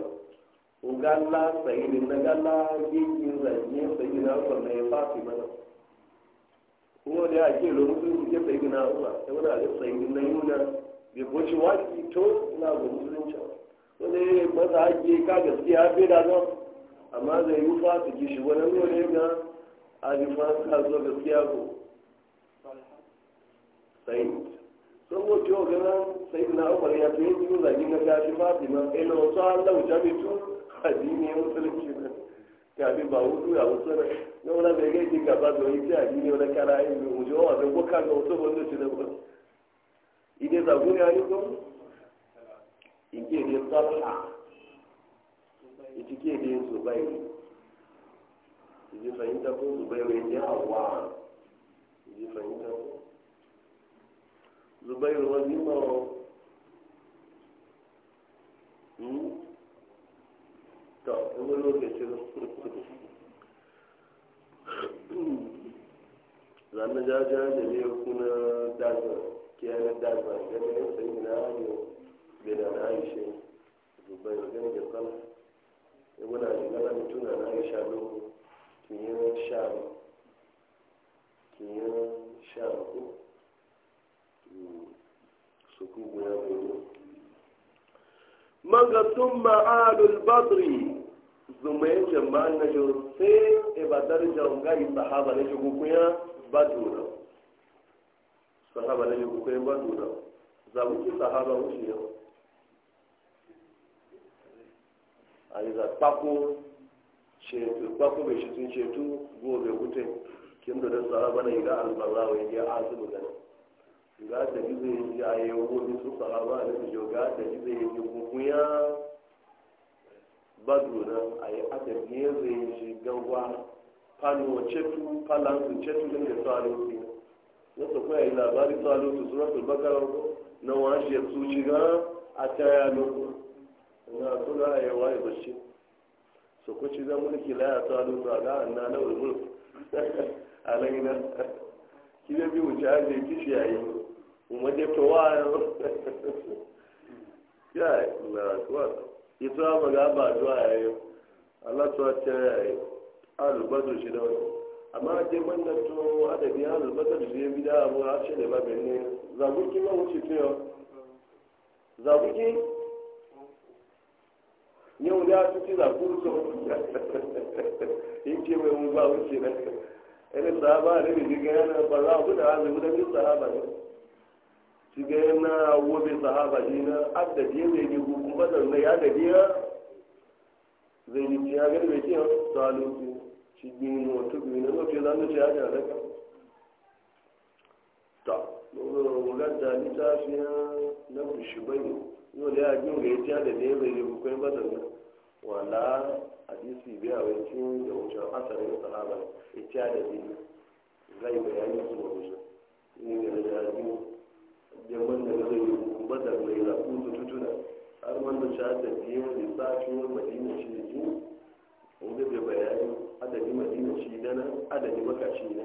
ugalla sai da na galla yin zai ya sai na umar na ya fasi mana kuma da ya ke lokacin ya sai na umar ta wani a sai na yi wuna bai ko ci waki to na gudun sun wani masa haƙƙi ka gaskiya fi da nan amma zai yi fa su shi wani wani na alifa ka zo gaskiya ko sai sun wuce wa gana sai na umar ya fi yi zagi na gashi fatima kai eh, na wasu an da wuce mai tun addini ya na kafin ba hutu ya wasu na na wani gaji gaba da wani wani kara wuce ìkéde tọ́lá ìdíkéde zubairu ìdí fẹ̀yìntà fún zubairu ẹ̀jẹ̀ àwa ìdí fẹ̀yìntà fún zubairu wọn ní mọ́ hmm? tọ́ ewé ló lè ṣe zanna jaja da ne kuna dazan kiyar ẹni ganin sayi na yọ. بين عائشة زبير بن جقل يقول أن أنا متونا عائشة له كيان شام كيان شام سكوب manga badri jama'an na sai sahaba ne shigo kuya ba dora sahaba ne shigo kuya ba dora za sahaba wuce yau za kpako shetu kpako bai shitun shetu gobe wuce kim da da tsara bana iga albara wai ya azubu gani ga da gizo ya ji a yau gobe su sahaba da su jo ga da gizo ya ji kukuya badru na a yi aka biye zai ji gangwa pano cetu palansu cetu ne da su na su kuma yi labari tsari su suratul bakar na wani shi ya su shiga a tayar lokacin na kula a yawa ya so su kuci zan mulki la ya ta lusa na anna na a na kida bi wuce an da kishi yayi kuma da to wa ya na kuwa ita ba ga ba zuwa yayi Allah ta yayi albadu shi da amma dai wannan to adabi albadu da ya bi da abu a ce da ba benne zabuki ma wuce to zabuki yau da su ci zaku so in ce mai mun ba wuce na irin sahaba ne da jirgin yana ba za a da azubu da bin sahaba ne shiga yana wobe sahaba ne na adda je mai ne hukun bazar na ya gaji ya zai yi ciya gani mai ciya salutu shi gini wata biyu na mafi zanen ciya da daga ta wulanta ni ta littafiya na bishibai yau da ya gina ya ciya da ne bai yi bukwai bazar nan a hadisi biya wancin da wucin asarin sahaba ya ciya da ne ìgbà bayani su da wucin ne da ya da wanda zai yi bazar mai rafu su tutuna har wanda shi da biyu da sashen madina shi da jini wanda bai bayani adadin madina shi dana adadin makashi na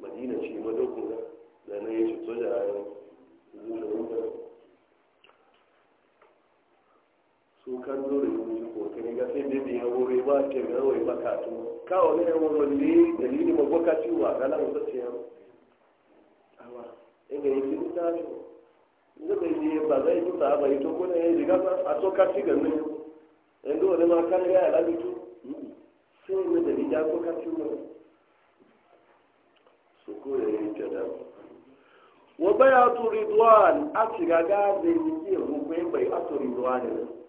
madina shi madokuna da yi shi soja a su kan dole su kokari ga sai da ya wuri ba ke ga wai bakatu kawo ne wurin ne dalili ma bakatu ba ga nan sai ya awa e ga yi ta shi ne bai yi ba zai yi ta ba ito ko ne diga ba a to ka ci ga ne en do ne ma kan ga ala bitu sai ne da diga ko ka ci ne su ko ya yi ta da wa bayatu ridwan a ci ga ga zai yi ko bai bayatu ridwan ne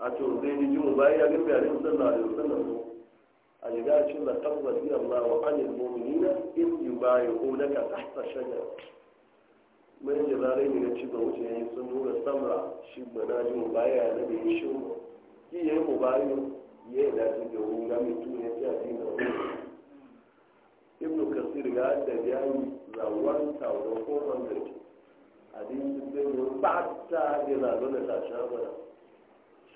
a to zai ji jimu bayan ya gabe a rinsa na da wasan nan a ji da tabbas yi Allah wa anil mu'minina in yi bayan ko na ka tahta shajar mai jirare ne na cikin wuce ya yi sun nuna samra shi gbana jimu bayan ya nabe ya shi mu ki ya yi mu bayan ya yi dace da wuri na mai tuni ya fi a fi na wuri ibnu kasir ga da ya yi za 1400 hadisi zai yi ba ta da zazo da tashin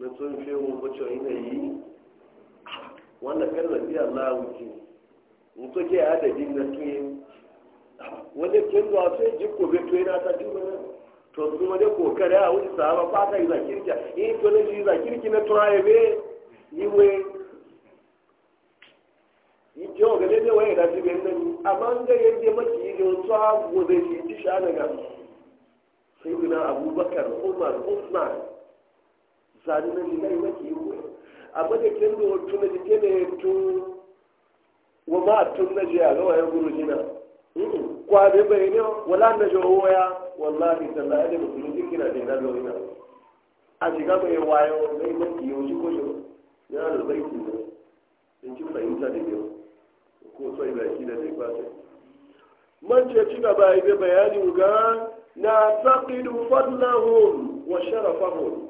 na tun fi mu bacci ina yi wannan kalmar biya Allah ke mutu ke adadin na tuye wanda ke zuwa sai ji ko be tuye na ta tuye to su wani kokari a wuce sahaba ba yi za kirki in to ne shi za kirki na turaye be yi we ni je o gane ne waye da ji be nan amma ga yadda maki yi ne gobe shi sha daga sai Abubakar Umar Usman sani na jigai wake yi kuwa A da kin da wato na jike ya to wa ma tun na jiya ga wayan guru jina hmm? kwa bai bai ne wala na jo waya wallahi tallahi da musulmi jiki na na lo ina a shiga bai wayo mai mafi yau ji ko shi ya da bai ki ne in ci fahimta da yau ko sai ba ki da zai ba man ce ci gaba ya bayani ga na taqidu fadlahun wa sharafahun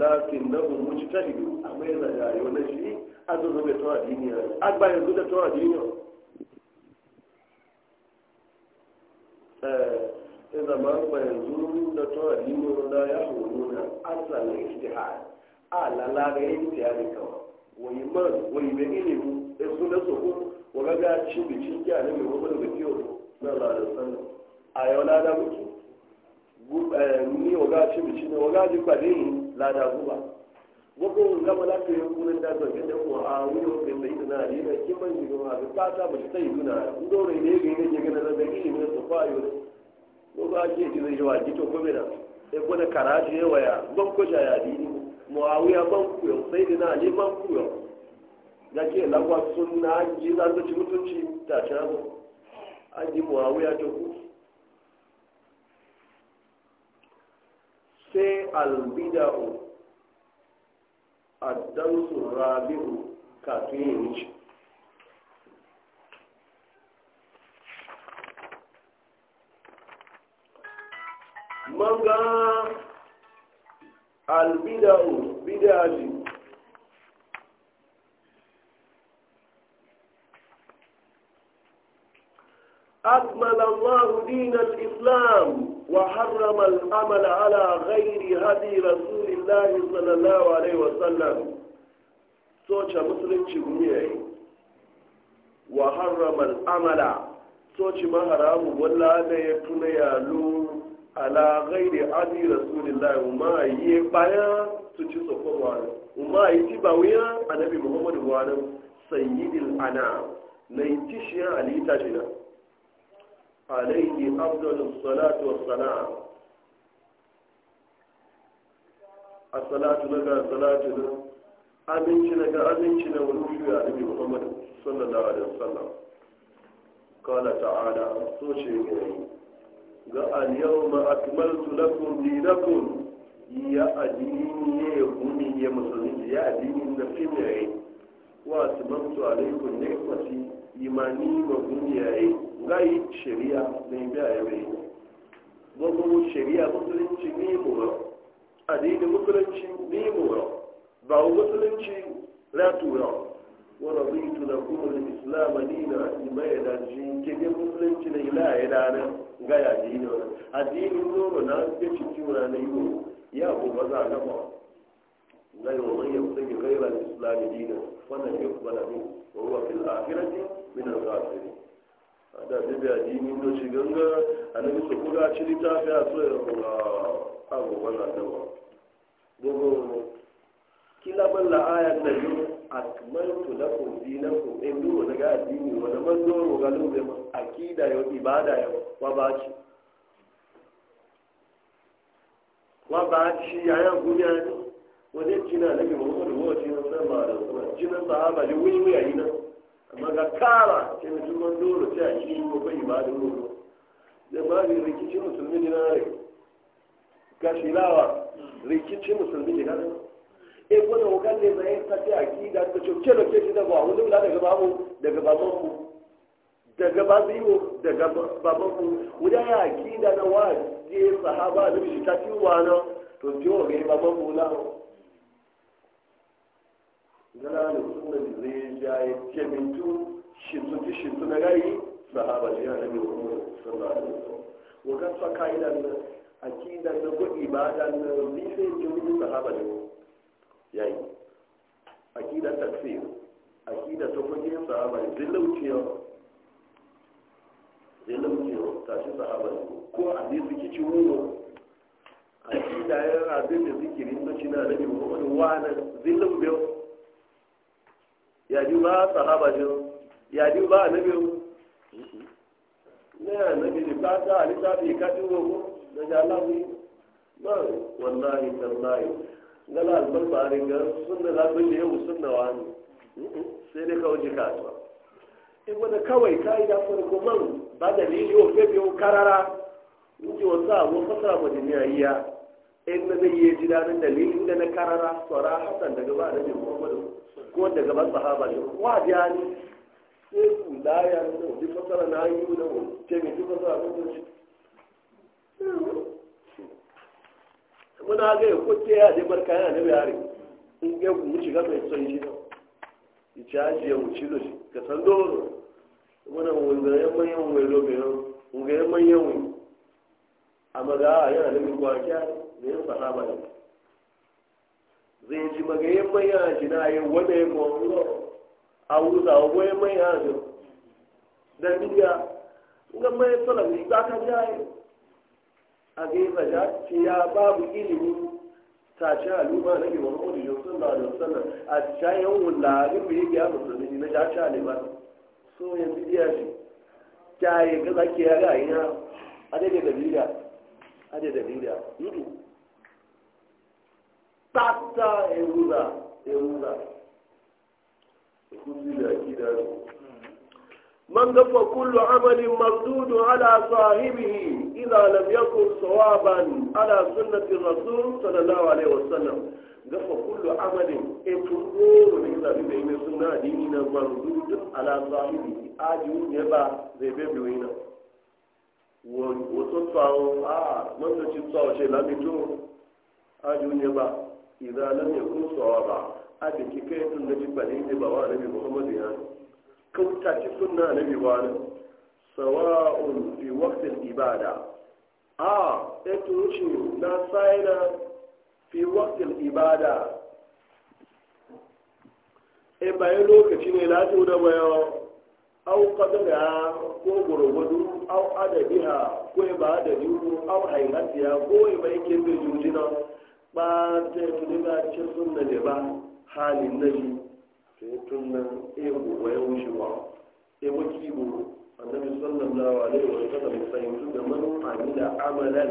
lakin na umarci ta hidu a mai rayayo na shi a zo zobe tawa duniya an yanzu da tawa duniya ya zama ba yanzu da tawa duniya na ya horo na asalin ijtihad a lalaga ya ijtihad kawai wani wani mai ilimi da su na wa ga ga cin da cin ya ne mai wani da kiyo na a yau na da muke ni wa ga cin cin wa ga ba lada guba gbogbo ga lafi ya kunan da zan gada ko a wuyo ke sai da nari da ma ba ta ba sai duna dole ne ga ne ga na da gini ne ko ba ke ji zai wa gito ko bela e ko da karaji waya ban ko ja ya di muawiya ban ku yo sai da nari ban ku yo ke lagwa sunna ji za ta ci mutunci ta ci an ji muawiya sai albida'u addansu rabi'u kafin yi wuce manga albida'u bidaji أكمل الله دين الإسلام وحرم العمل على غير هدي رسول الله صلى الله عليه وسلم سوچا مسلم چگمیه وحرم العمل سوچ ما حرام ولا ده يتونه يالو على غير هدي رسول الله وما يبايا سوچ سوكوان وما يتباويا النبي محمد وانا سيد الانام نيتشيا علي تاجنا عليه أفضل الصلاة والسلام الصلاة لك صلاة لك أمنش لك أمنش لك ونشوي على نبي محمد صلى الله عليه وسلم قال تعالى سوشي قال يوم أكملت لكم دينكم يا أديني يا أمي يا مسلمين يا أديني نفسي وأتممت عليكم نعمتي إيماني وأمي يا أيدي gai shari'a na ibi biya ya gwamnati shari'a musulunci ni mura adini musulunci ni mura ba musulunci na tura wani zai tuna kuma da islam dina ima da dace kege musulunci na ila ya dana ga ya dini wani adini zoro na ya tura na yiwu ya gobe za a gaba لا يرضي na غير الإسلام دينا فلن يقبل منه وهو da bibi addini to shi ganga annabi su kuga ci a tsoye kuma abubuwan na dawa gogo kila ban la'ayar da yi akmaltu lakum dinakum in duro daga addini wani man doro ga lobe ma akida yau ibada yau wa ba ci wa ba ci gumi wani jina jina sama da jina sahaba amma ga kara ce na shugaban dole ce a yi ko ba da wuro da ba da rikici musulmi ne na rai shirawa rikici musulmi ne na rai e ko da wukan ne zai ta ce a ki da ta ce da ke shi da ba wani daga babu daga baban ku daga babu daga baban ku wuda ya ki da na wa je sahaba da shi ta wa nan to ji wa ga baban ku gana da sunan zai ja ya ce mintu shintuti shintu na gari sahaba ne ya nabi muhammad sallallahu alaihi wasallam wagan sa kaidan nan akidan na ko ibadan nan ni sai ji wani sahaba ne yayi akidan takfir akida ta kwaje sahaba ne zai lauciya zai lauciya tashi sahaba ne ko a zai suke ci wuno akida ya rabin da zikirin da shi na nabi muhammad wa nan zai lauciya yadi ba sahaba jiro yadi ba annabi ne annabi ne ka ta ali ta bi ka tuwo ko da jalawi ba wallahi tallahi gala albarbarin ga sunna la bin yau sunna wani sai dai kawai ka to in e wanda kawai ka yi da farko man ba dalili o fe biyo karara in ji wasa wa fasara madaniya iya in na zai yi ji daɗin dalilin da na karara tsara hasan daga ba da muhammadu ko daga ba sahaba ne wa biya hali sai ku laya na ji fasara na yi na mu ce mai ji fasara na mu ci muna ga ya kwace ya je barka yana da biyari in ya mu ci gaba ya son shi na ya ci haji ya mu ci da shi ka san doro muna wungayen manyan wai lobe yau wungayen manyan wai amma ga yana da mai kwakiya ne da yin sahaba ne zai ji magayin mai yaji na yi wanda ya kwanwa a wuza wa goyen mai yaji da duniya ga mai salam za ka jaye a gaisa ja ce ya babu ilimi tashin al'umma na gima muhammadu johnson na johnson a cayan wularin da yake ya musulmi na ja ca ne so yanzu iya shi kyaye ga zaki ya ga ina a da a da tata ewura ewura kuzila kidani man gafa kullu amalin mardudun ala sahibihi idza lam yakun sawaban ala sunnati rasul sallallahu alaihi wasallam gafa kullu amalin e furo ne da bi mai sunna dini na mardudun ala sahibihi aji ne ba zai be bi wina wo to tsawo a ah, man da ci tsawo ce lami to aji ne ba idza lam yakun sawaba abi kike tun da jibali ne ba wa nabi muhammad ya kun ta ci sunna nabi wa ne sawa'un fi waqti ibada a eto shi na fi ibada e bayan lokaci ne lati da bayo au qadara ko gurgudu au adabiha ko ba da yugo au hayratiya ko mai kin da jujina ba ta yi ne ba ce sun da ne ba halin na ji ta yi tun nan ego wa ya wuce wa ego kibo annabi sallallahu alaihi wa sallam fahimtu da man amila amalan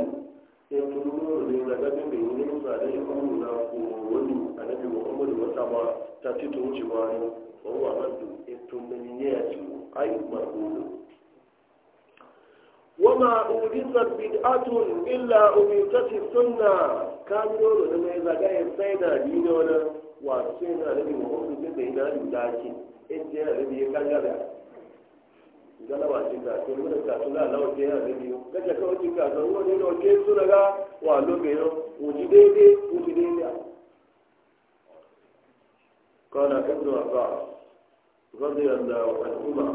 ya turu ne da gaban da yi musa da yi kuma na ko wani annabi muhammadu wata ba ta tito wuce ne wa wa man ya tun nan ya ci ai marhudu wama ujizat bid'atun illa umitat السنة كان yoro لما mai zagayen sai da dino na wa sai na da mu ko sai da ina da dace in je da biye kan gaba gala wa cin da to mun ka tuna lawo ke ya da قال ابن عباس رضي الله عنهما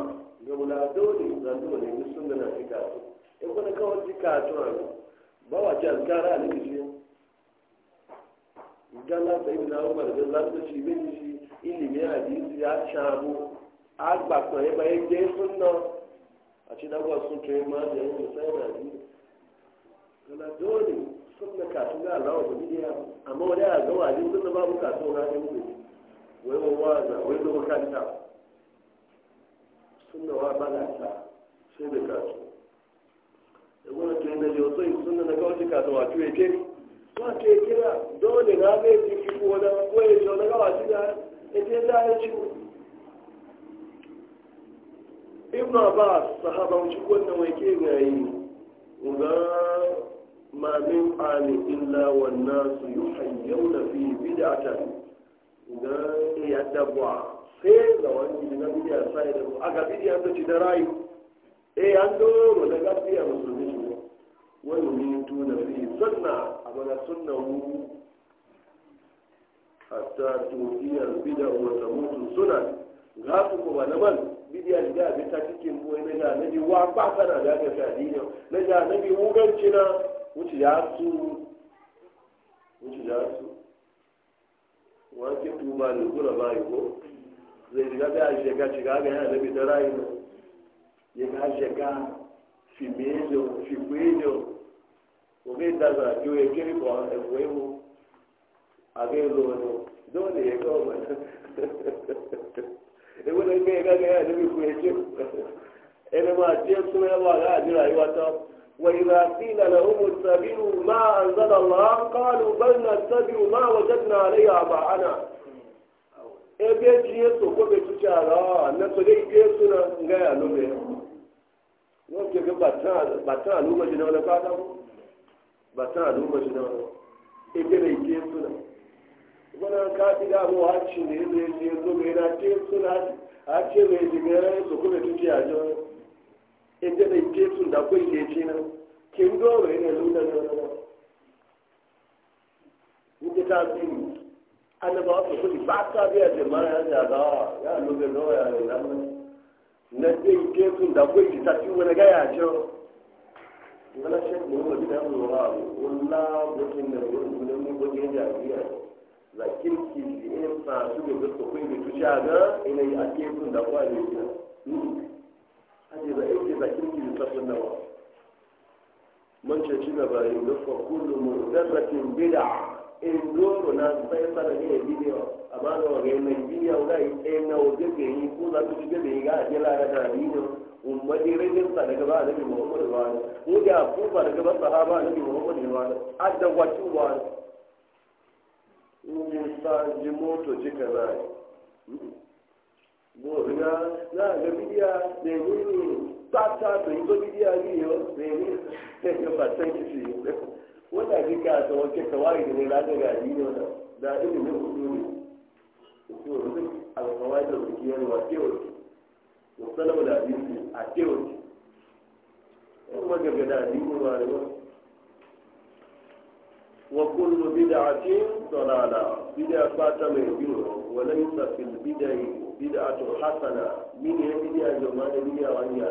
ya ka kawai ji katuwa ba wa ki azkara a nufi shi gala sai na umar da za su shi bin shi ilimi hadisi ya shabu a gbàgbọ́ yẹn bá yẹn jẹ́ fún sun tó yẹn máa ya ní sáyẹn àdìyẹ gbọ́dọ̀ dóòlì fún mi kàtó ní àlọ́ ọ̀dọ̀ ya yà àmọ́ wọlé àgbọ̀ wà ní fún mi bá ka atụ. wani tun da yau sai sun na kawai ka zuwa tuwe ke ni ba ke kira dole na bai ji ki ko da ko ya jo da kawai shi da ite da ya ci ibnu abbas sahaba shi wannan wai ke ga yi ga ma min ani illa wan nas yuhayyuna fi bid'atan ga ya dabwa sai da wani da bidiya sai da aga bidiya ta ci da rayu eh an doro na gaskiya musulmi shi wai mu tu da fi sunna a mana sunna mu hatta tufiyar bida wa tamutu sunan ga su ko na man bidiya da ga bita cikin boye na ga nabi wa ba sana da ga shadina na ga nabi wuganci na wuce da su wuce da su wa ke tuba ne gura bayi ko zai shiga ga shiga shiga ga yana nabi da rayu yega jega fimejo o oge daza ewu ekiri bo ewewu age lono dole yega oma ewele nke yega ga ya bi ku eje ene ma tie suna ya ba ga ni rayuwa ta وإذا قيل لهم اتبعوا ما أنزل الله قالوا بل نتبع ما وجدنا عليه آباءنا ebe ji ya sokwa bai tuce a rawa na su dai ke suna gaya lomero wọ́n ti gbé bàtán àlùmọ̀ jìnnà wọn lọ́kọ́ àdáwọ̀ bàtán àlùmọ̀ jìnnà wọn ebèrè ìdíyẹ sọ̀nà wọn ká ti dá àwọn àti ní ilé ìdíyẹ sọ̀nà ìdá tí ha sọ̀nà àti ìwé ìdíyẹ sọ̀kúnlẹ̀ tó àjọ ebèrè ìdíyẹ sọ̀nà dàpọ̀ ìdíyẹ tí kí dọ̀rọ̀ ẹ̀ lọ́wọ́ ká bí bá na ɗin kesun da kwai ki tafi wani gaya cewa wani shek ne wani gidan lura wala bukin da wani wani mun bukin jami'a za kin ki in sa su ne da su kwai da su sha a kesun da kwai ya hmm. na amma ga wani mai jiya wani ɗaya na wajen da yi ko za su shiga da yi ga ajiyar lara da aminu ummadi rajin sa daga ba ne ko da kufa daga ba sahaba annabi muhammadu ba ne adda wacu ba ne sa ji moto ji ka za ne gobe na na ga bidiya da yi ne tata to yi zo bidiya ne yau da yi ne sai ka ba san kisi wanda ji ka ta wace kawai da ne na daga aminu da ilimin hudu ne usul al-qawaid al-fiqhiyya wa theory musallam al-hadith a theory in waje ga da a ba da wa kullu bid'atin dalala bid'a fata mai biyu wa laysa fil bid'i bid'atu hasana min ya bid'a jama'a da bid'a wani ya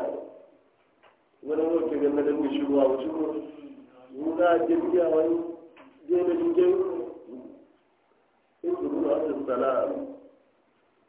wani ga madan da shi ruwa wasu ko mu ga bid'a wani dai da shi ke in ku ruwa salam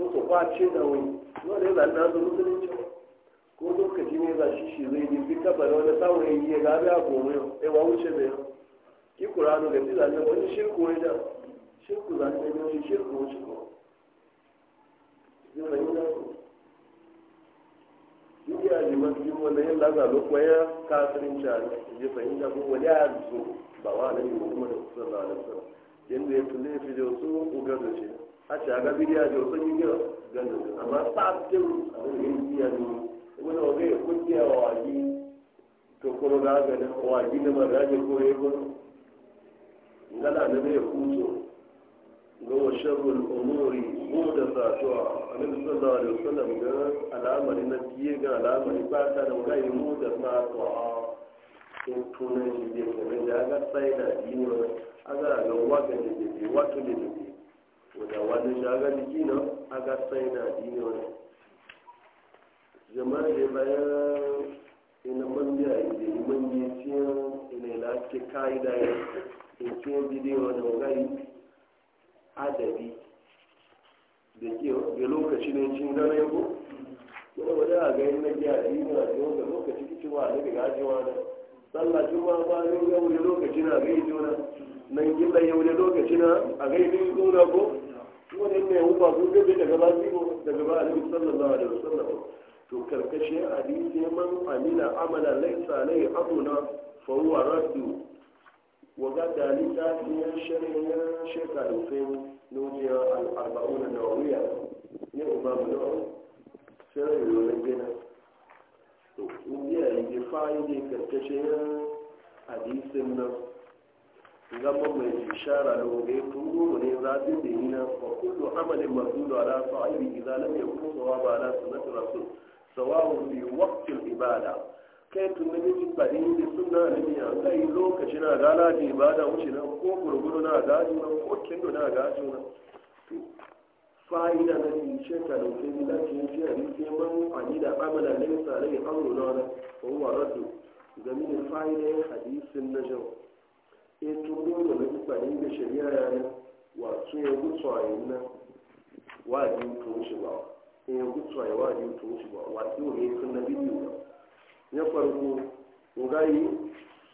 musu kwace da wani wanda ya zanna da musulunci ko lokaci ne za shi shi zai yi kabar wani samun yi ya gabi a goma yau ya eh, wa wuce mai yau ki kuranu ga fi zanna wani shirku ya da shirku zanna ne shi shirku wuce ko zai yi na su yi ya ji masjid wanda yin laza lokwaya kafirin cari ya fahimta ko wani ya zo ba wa nan yi kuma da muhammadu sallallahu alaihi wasallam yadda ya tule fi da wasu ugar da shi a ce a ga bidiya da wasu yi di ganin amma tsaftin abin da yin biya ne wani wani a wa to ga ganin wagi da magaje ko ya gudu na ne ya kuto ga wa sharrul umuri muhdathatuha annabi sallallahu alaihi wasallam ga al'amari na biye ga al'amari ba ta da sa muhdathatuha to tunan ne kuma da ga sai da dinin aga ga de da ke wato da ke da wani jiki na aga sai na dini wani jama'a da bayan ina mandi inda ina ka'ida ya in ciyan bidiyo na wani adabi da ke lokaci ne cin gane ko kuma wani a ga yin na giya a yi da lokaci kicin wa ne daga ajiyewa da sallah juma ba ne ga wani lokaci na ga juna nan gina yau lokaci na a ga yi wani ne ya wuba sun gabe daga ba ko daga ba alaihi sallallahu alaihi wasallam to karkashin hadisi man Amina amala laisa alaihi amruna fa huwa raddu wa ga dalita ne shari'a shekaru fain nujiya al-arba'una nawawiya ne uba mu nawawi sai ne yi? gina to indiya ne ke fa'ide karkashin hadisin nan gama mai shara da wani tungoro ne zafin da yi na kwakwado amalin mazudu ala sa'ibi idan lam yakun sawaba ala sunnati rasul sawabun bi waqtil ibada kai tun nabi ji bari da sunna nabi ya kai lokaci na gala da ibada wuce na ko gurguru na gaji na ko kindo na gaji na to fa'ida na ni ce ta da kai da ke ji a rike man fani da amalan ne sare amru na wa wa raddu game da fa'idan hadisin najm e tun da na fahimta da shari'a ya ne wasu ya gutsu a yi nan wajin tun ba in ya gutsu a yi wajin tun shi ba wato ne sun na bidiyo ba ya farko ngayi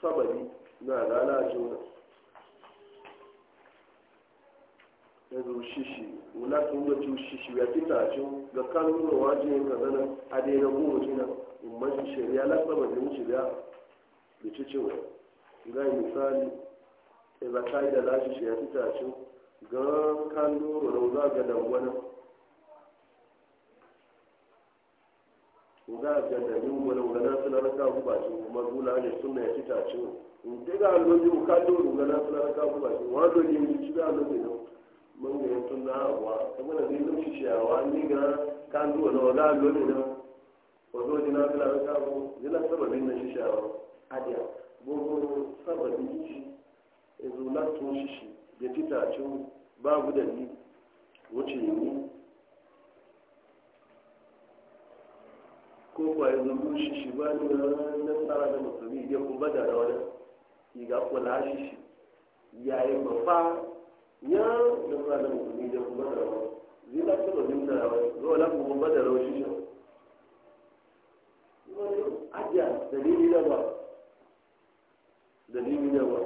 sabari na lalacin ya yanzu shishi wula tun da tu shishi ya fita ce ga kan wajen ga zana a daina goma jina in mashi shari'a lasaba da yin shari'a da ci cewa ga misali sai ba ta yi da lashi shi ya fi tashin gan kan rauza ga dangwanin ga ga da wani wani suna raka gubashi mazula ne suna ya ci tashin in ta ga alwaji ka doro wani suna raka gubashi wani dole yin ci ga alwaji ne mun ga yin na abuwa saboda zai zama shi shayawa ni ga kando wani wani alwaji ne wani wani saba bin na shi shayawa adiya gbogbo saba bin shi izulatun shishi da titacin babu da ni wuce ni ko kuwa ya zama shishi ba ni na tsara da musulmi ya kuma da rawa iga kula shishi ya yi mafa ya na tsara da musulmi ya kuma da rawa zai lafi da zai tsara rawa zuwa lafi kuma da rawa shishi ajiya dalili na ba dalili na ba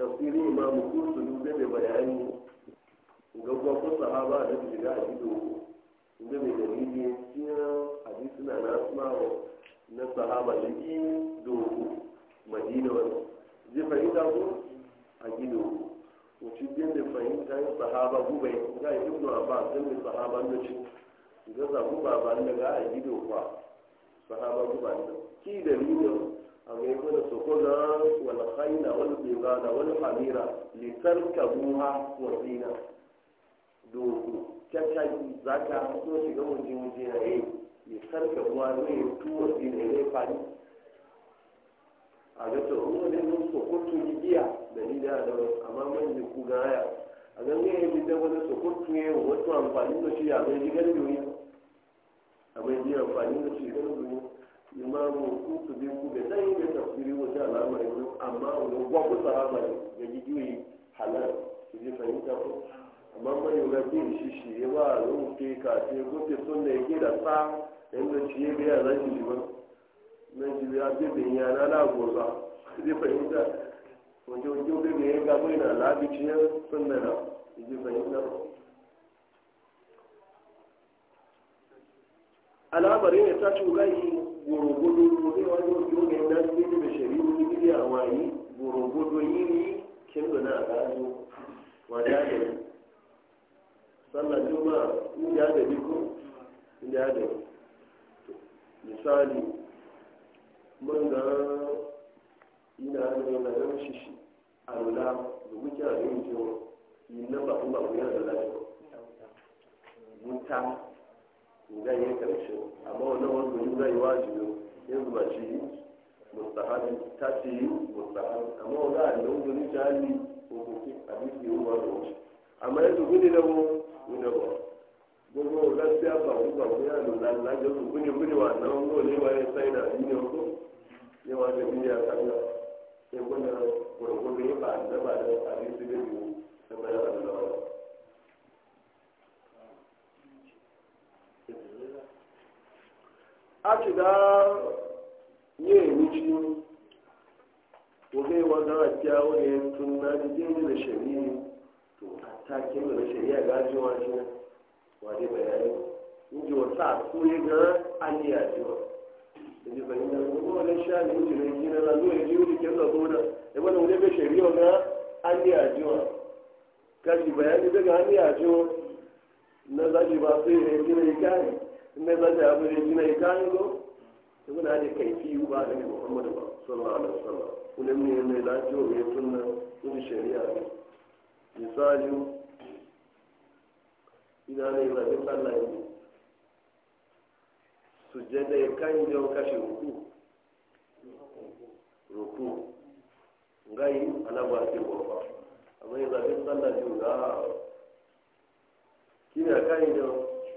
tafsirin imamu kurtubi zai mai bayani ga kuma sahaba da su shiga a gido inda mai dalili cikin hadisi na nasumawa na sahaba da yi dogo madina wani zai fahimta ko a gido wuce zai da fahimta yin sahaba gubai ga ibnu abbas zai mai sahaba da ci ga sa guba ba a gido kwa sahaba guba ki da أمي يقول سكنا والخيل والبغال والحمير لتركبوها وزينة دوكو كاكا زكا سوشي قوم جيوجينا إيه لتركبوها ويتو وزينة إيه a ga to wani ne mun sokoto da ni da wani, amma mai ji ku gaya a ga ne yi da wani sokoto ne wato amfani da shi a mai jigar duniya a mai ji amfani da shi ga imamu kutubi kube nan yi da tafsiri wajen al'amari wani amma wani gwakwa al'amari ga gigiyoyi halal su je fahimta ko amma mai yi wani bin shi shi ya ba a yau ke ko gote sun da yake da sa yadda shi ya biya zan shi liman nan shi ya bi bin yana na goza su je tafi wajen wajen bin ya gabo yana labi ciyar sun da na su je fahimta ko al'amarin ta tashi wulayi gorogodo ne wani yau na yau da shari'u gidi a wayi gorogodo yiri kin da na gazo wada sannan sallar juma inda da biko inda da misali mun ga ina da yana da shishi a lula da muke a yin jiwo yin nan ba kuma ku yana da lafiya nga yi karshe amma wannan wanda yi zai wajibi yanzu ba shi mustahabi ta ce mustahabi amma wanda a yau gani jali ko koki a bisi yi wa da wuce amma yanzu gudi da mu gudi ba gbogbo gaskiya ba ku ba ku yana da lalaje su gudi wa na wa ya sai da ni ne ko wa da biya sai ba da a aciga nye wuci wani wanda a kya wani na jijin da shari'i to a takin da shari'a gaji wani wani bayani inji wata a koyi ga aliya jiwa na fahimta kuma wani anyị na yi na zuwa yi jiwu da gona ya mana wani bai shari'a ga aliya jiwa bayani na zaji ba ne ba ta abu ne jina ita ne ko ta da ba da ne muhammad ba sallallahu alaihi wasallam kuma ne ne sunna in shari'a ne misali ina ne ba ta sallah ne sujjada kan kashe ruku ruku ngai alaba ke gofa amma sallah ga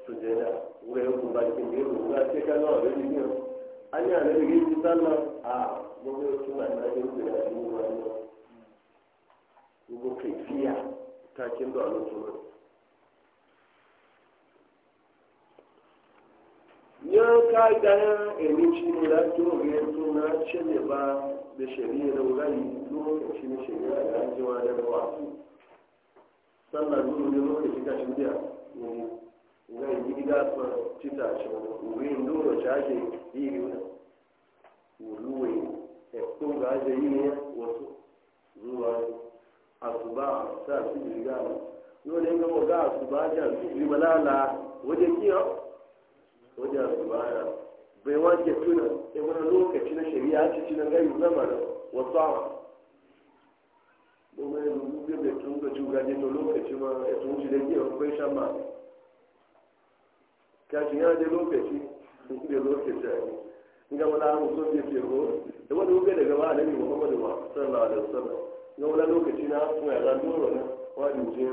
kina wai ku ba kin ne ku ga nawa da ni an ya ne ke ji sallah a mun ga kuma na ji ku da ni ba ni ku go kaifiya ta kin da Allah yan kayan emici ne da ke oge na cele ba da shari'a da wurare lokaci na shari'a da an jiwa da rawa sannan duk da lokaci kashin biya ne nga yiri gasma tita cho uwindo chaje yiri na uluwe ekunga aje yiri wato zuwa asuba sa sijiri gama nole nga ga asuba aja sijiri malala waje kiyo waje asuba ya bai wanke tuna e wani lokaci na shari'a ci ci na gari zama da wasu awa domin yanzu bai to lokaci ma ya tun shi da kiyo kashi yana da lokaci da lokaci a yi in ga wani abu sun fiye da wani wuka daga ba muhammadu ba sallallahu alaihi wasallam ga lokaci na kuma ya zan doro na wani je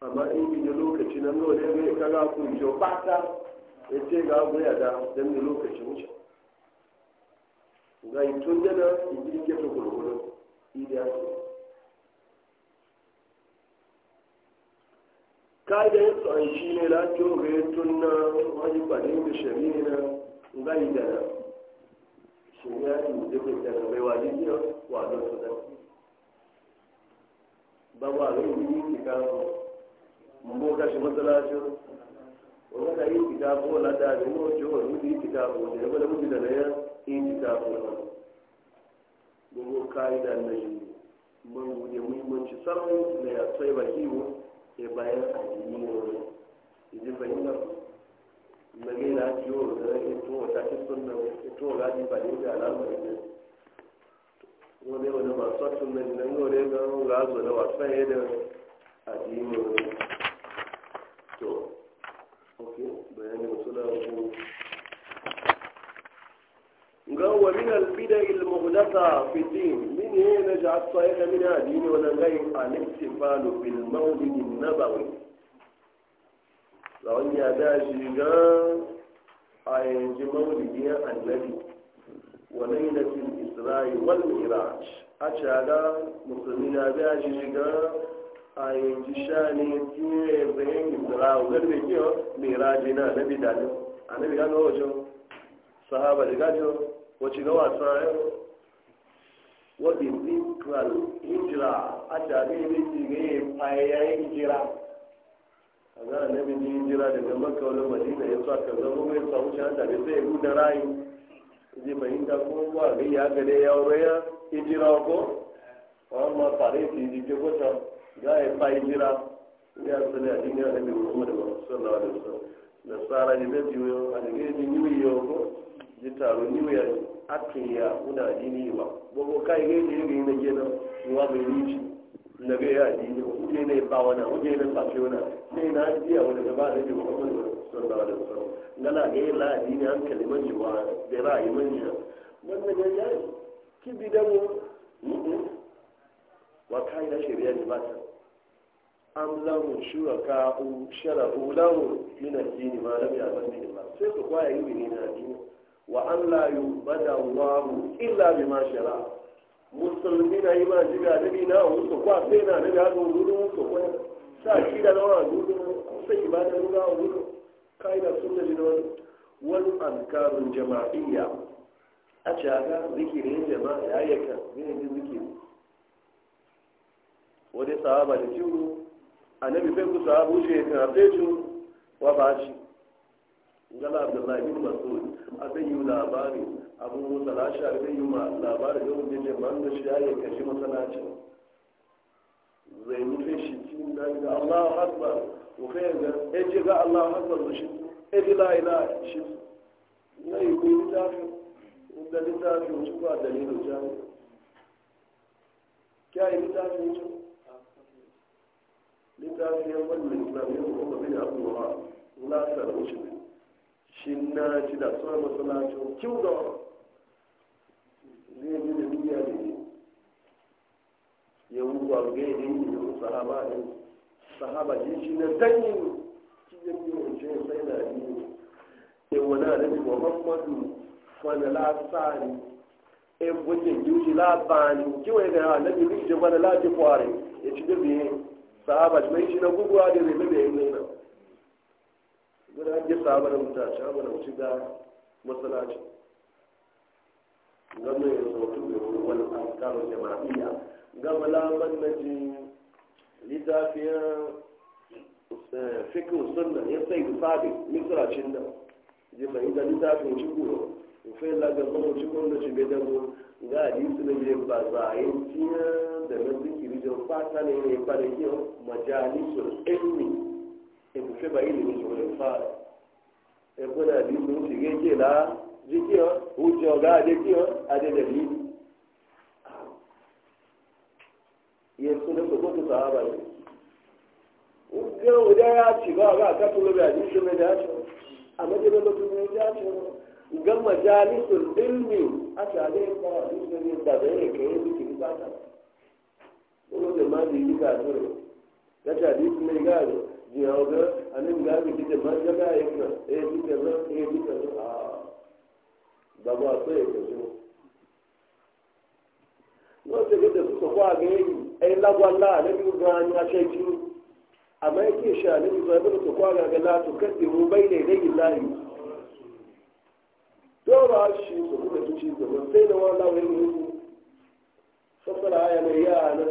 amma in bi da lokaci na nawa ne ka ga ku jo bata ya ce ga ku ya da dan da lokaci ga tun da to kaida ya tsoron shi ne lati ga ya tunna wani bane da shari'i na ngai da na shi ya yi da ke da mai wani ne wa don su da ba wa zai yi ki ka mbo ka shi matsala shi wani ka yi ki ka ko la da ne ko ce wani yi ki ka ko ne ba da mutu da na ya yi ki ka ko na gugu kaida na yi mun guje muhimmanci sarrafa da ya tsaye ba kiwo sai bayan addini ne idan fahimta mage na ciwo da ito ta ci sunna ito ga ji ba ne da alamu ne ko wani masu sun nan nan ko ga ga da wasa ne da addini to okay bayanin sunan ku قال من البدع المحدثة في الدين من هي نجعل صحيح من الدين ونغير الاحتفال بالمولد النبوي لو أني أداش قال أينج مولد النبي وليلة الإسراء والمعراج أشعر مسلمين أداش قال أينج شاني كيف بين إسراء وغير ميراجنا نبي دانو أنا بيقال جو صحابة لقاجو wọ́n ga wasa wadda zikral wọ́n a ní ne ke gaye fayayen hijira a ga annabi ji hijira daga makka wani madina ya sa ka zama mai sa wuce an tabi sai ya guda rayu zai fahimta ko ba ga ya gane ya ya fa ya a cikin annabi muhammadu sallallahu alaihi wasallam nasara ne zitaru ni new year akin ya una dini ba gogo kai ne ne ne na gena wa bai rici na ga ya dini ba kuje ne ba wana kuje ne ba ce wana ne na biya wani gaba da ji Muhammad sallallahu alaihi wasallam ngala ga yi la dini an kalimar wa da ra'ayi ya wannan ya yi ki bidan mu wa kai da shari'a ne ba ta ka u shara u lahum min ad-din ma lam ne ba sai ku kwaya yi ne na dini wa an la yubada Allahu illa bima shara musulmi na yi jiga na wuce kwa sai na nabi haka wurin wuce sa shi da nawa wurin sai ibada ruga wurin kai da sunna wani wani ankarun jama'iyya a caga zikirin jama'a ya zikiri gala abdullahi bin masud a zai yi labari abu musa lasha zai yi ma labari yau da ke man da shi ya yi kashi masanacin zai nufin shi cikin daji da allahu akbar wufe ya ga ya ce ga allahu akbar da shi ya ji la'ila shi na yi kuyi littafi da littafi wuce ba dalilin jami kya yi littafi wuce littafi ya wani littafi ya kuma bin abubuwa na sarar wuce shi na ci da suna masalacin kyau ga zai yi da duniya ne ya wuwa ga yi da sahaba ne sahaba ne shi na danyin cikin yi wace sai na yi ne wani alabi wa mamadu fana lasari e eh, wajen yuji labani kiwa ga alabi ne je fana laji kware ya ci da biye sahaba shi mai shi na guguwa da zai da yi nuna wani an gisa abu da mutaci abu da matsalaci ga masalaci gama ya sautu da wani alkalon jama'iyya gama laban na ji littafiyar eh, fikin sunna ya sai da sabi misracin nan ji mai da littafin ya fai lagar zama ciko da shi bai dabo ga hadisi na yin ba za a yi tiyar da na zikiri da fata ne ne kwanakiyar majalisun ilmi ebufe ba ili musu wani fa ebo na bi mu ti ge je la ji ki o u oga ade ki o de ye so le ko o ya ci ba ga ka to le ba ni so me da so amma je ba to ni da so ga majalisul ilmi a ta so ni da ke ki ba ta ma di ka le ga di jiyauga anin ga mi kike ma jaga yekna e kike ma e kike ma a baba to ke e la kwa la bi ga ni a she ki amma yake sha ne bi ga so kwa ga ga la to mu bai ne dai illahi to ba shi so kuma tuci da sai da wala wai mu fasara ya ne ya nan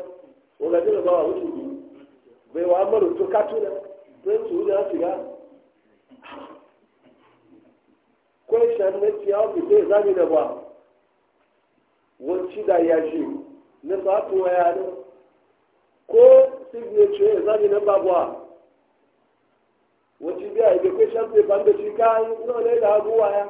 wọ́n gbé lọ́wọ́ àwọn oṣù yìí bẹ́ẹ̀ wọ́n á mọ̀rọ̀ tó kátó náà bẹ́ẹ̀ tó ń yára sìgá. kwẹ́sàn ní tí a ó fi ya ìzámi nà wà wọ́n ti dà yà jù nípa àpò ẹ̀yà ni kó signature ìzámi nà bà wà wọ́n ti bí àyè kwẹ́sàn pé bàbá ti ká náà lè dà na wà yá.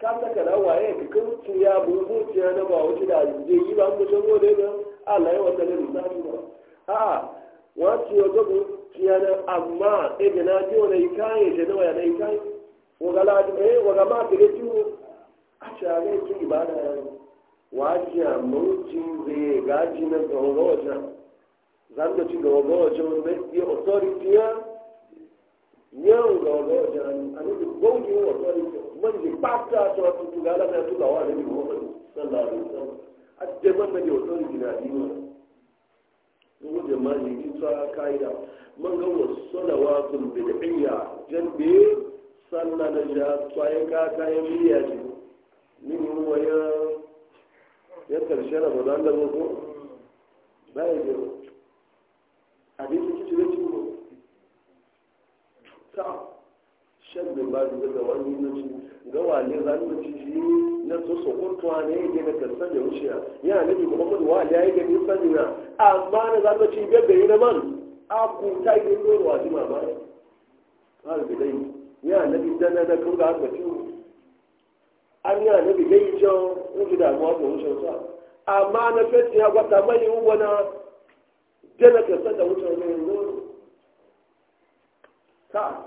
káàkiri àwọn àyè kíkọ́ ti yà bùrùkù tiẹ̀ ti dà yìí bá ń ala ya wata da misali ba a wasu ya gogo tiyana amma na ji wani shi na waya na ikaye waga eh, ma fi a share ki ibada ya yi wajiya mawuci zai gaji na gawaga wajen zan da ci gawaga wajen zai iya authority ya yau wajen a authority ji ba ta na tugawa da sallallahu alaihi ajaban da ke wasan ginadi ma a jama'i ni ta kaida man ga wasalawatul bid'iyya janbe sanna na ja tsaye ka kayan miya ji min ruwa ya ya karshe ramadan da ko bai da hadisi kici da ciwo ta shaɗin ba da daga wani naci gawa ne za mu ci shi na so sokotuwa ne ya ga kasar da wuciya ya kuma muhammadu wa ya yi gani sani na amma na za mu ci biyar da yi na man a kuta yi ne wa ji ma bayan har bi dai ya nabi dana na kun ga har bati an ya nabi dai jan uji damuwa da wucin sa amma na fetin ya gwata mai wani dana kasar da wucin ne ta.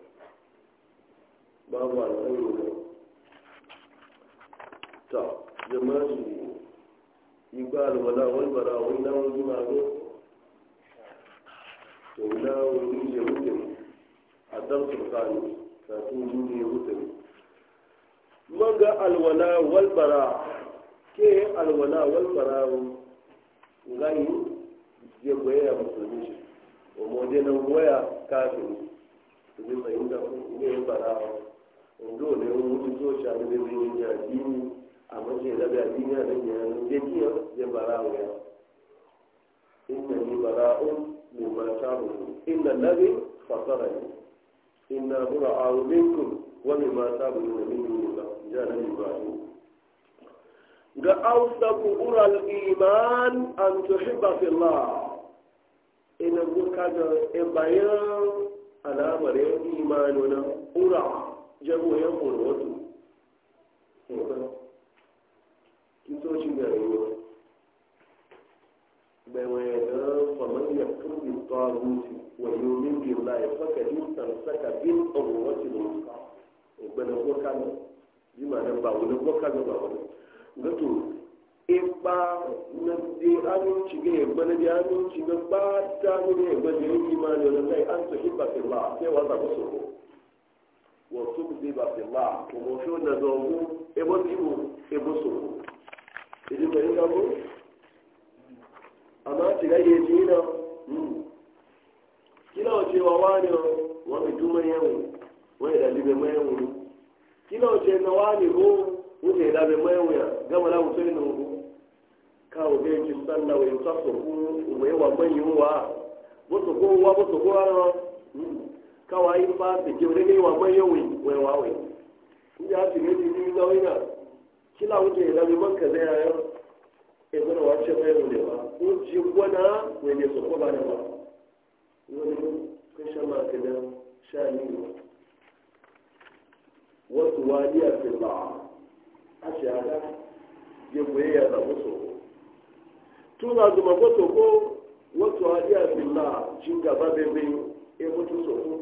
babu alƙawari ne ta yi ba alwala walbara wani na wani zo to na wani ya wuce a darsu kanu kafin jini ya wuce maga alwala walbara ke alwala walbara ngayi ya goya musulmi shi de na waya kafin su bi fahimta ne bara dole wani so shanu da zai amma da a nan yana nan zai kiyo bara wa ya inna ni bara'un mimma ta'budu inna allazi fatarani inna bura'u minkum wa mimma ta'buduna min dunillah jana ibrahim ga awsaku ural iman an tuhibba ina guka da e bayan al'amarin imanuna ura jago ya kore wato tutocin da rayuwa bai waya da faman ya kurbi tsaruti wa yomin billahi faka din sarsaka bin tsarurwati ne gbana ko kano ji ma nan ba wani ko kano ba wani gato ipa e na di aminci ga ya gbana di aminci na ba ta ne ya yi imanin na kai an ta ipa fi ba sai wa so وتكذب في الله ومشون دومو ابوتيو ابوسو إذا ما يقولوا أما تلاقي جينا Kina wace wa wani wa mituma yau wani da be mai wuri kila wace na wani ko wuce da bai mai wuya gama na wuce ne wuri kawo bai ki sanna wa yusa ku wa manyan wa wasu kowa wasu kowa kawai ba da ke wani wa mai yawai wai wawai kun ya shiga jini na wina kila wuce ya zama manka zai yayar ibn wace mai wule ba ko ji gwana mai ne su ko ba da ba wani kun sha ma ka da sha ba wasu waliya fi ba a shahada ya goye ya zama so tuna zuma ko wasu waliya fi ba shi gaba bebe ya mutu so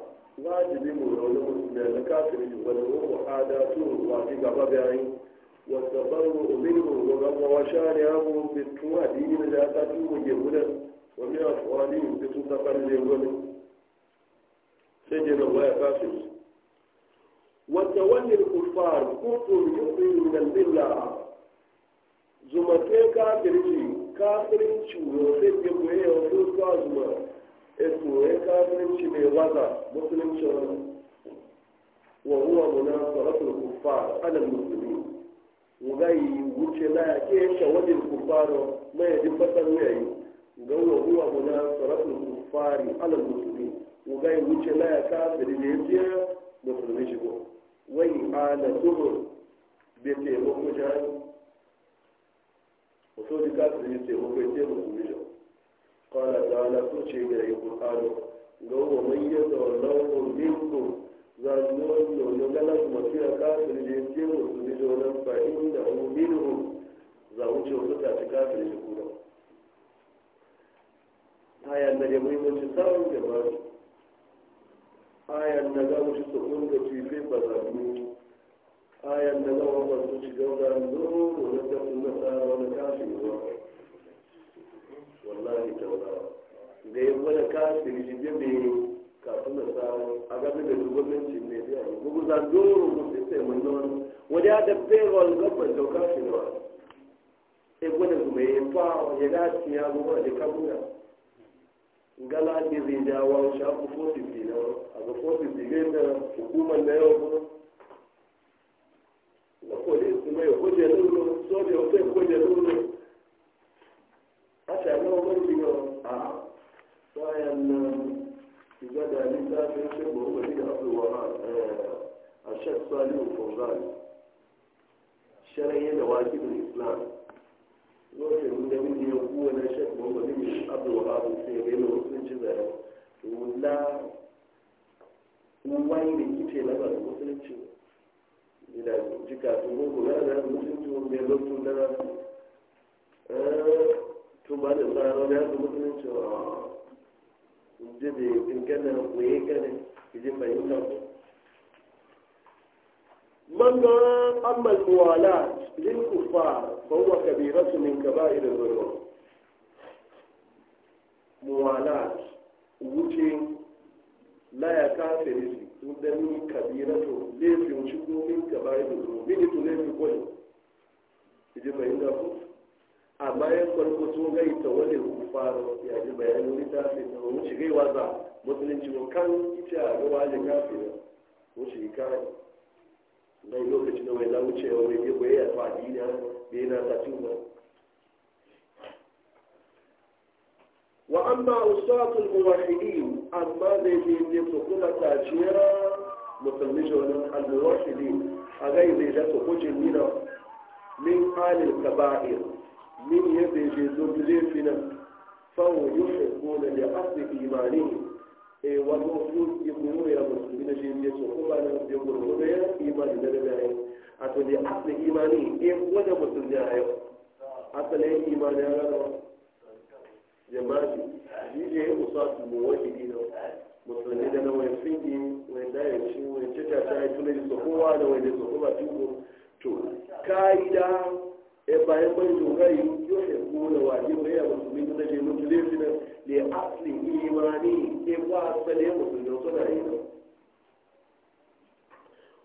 wajibi mu rauni musulmi na kafiri wani ruhu adatu wafi gaba bayan wata baro minhu wa gaba wa shari abu a addini da ta tuwo ke gudan wa min afwali bitu ta farle wani sai jina waya kafiri wata wannan kufar kufur yubi da zilla zumate kafirci kafirci yau ke goye ya sai zuwa eto ya e, kafirci mai waza musulunci wani wa huwa muna sarafin kuffar alal musulmi wugayi wuce na ya ke shawajin kuffaro mai yadda fasar yayi ga nga huwa muna sarafin kuffari alal musulmi wugayi wuce na ya kafiri da ya ce musulmi shigo قال تعالى كل شيء القرآن لو من الله منكم zannon yoyon galas كافر ya kafin jirgin musulmi jonan fa'in da umarinu za kafin shi kuma ayan na da muhimmanci samun jama'a ayan na za mu ci sukun da tufe ba za mu ayan za mu da nuru wani kafin ruwa wallahi taurawa da ya wani kafin shi je mai kafin da samu a gami da gwamnati ne zai yi gugu za doro mu sai sai mun don wani ya da payroll wa gwada su mai fa ya ya da gala ne zai shafu 40 a ga 40 ne da hukumar da yau kuma na mai hujjar hujjar haka yi wani a bayan nan da eh, littafin shekwa wani da abubuwa a da da ya wani wani ba su da tó bá lè fara lọ ní agbègbè tó ń sọ ndébè nkẹ́nà wòye kẹ́nà ìdí fẹ̀yìn náà. mọ́nà amàlùwàlà lílùfà fọwọ́ kàbírà tó ní nkàbá ìrẹ̀wẹ̀rẹ̀ muwala wuce laya kafiri wadani kabira to laifin shi ko min gaba ya zo mini to laifin kwai iji fahimta ko a bayan farko sun gai ta wani ya ji bayanin littafin da mun shiga yi waza musulunci kan ita a gawa da kafi da shiga kare don lokacin na wai za mu ya ya ya na dina ta wa amma usatul muwahhidin amma da yake ne ta ciya musulmi al a gai zai min ya bebe zobe zai fi nan fawon yi shakko na da e wato su yi kuma musulmi na shi ya so kuma na da gurgurda ya imani na daga yau a to da asibi imani e musulmi a yau asalin imani ya rana jama'i shi ne ya musa su mu wani dina musulmi da na wani fingi wani dayan shi wani cita yi da e bayan bai doga yi yau da kula waje bai ya musulmi na je mutu lefi na le asli imani e kwa asali ya musulmi na suna yi na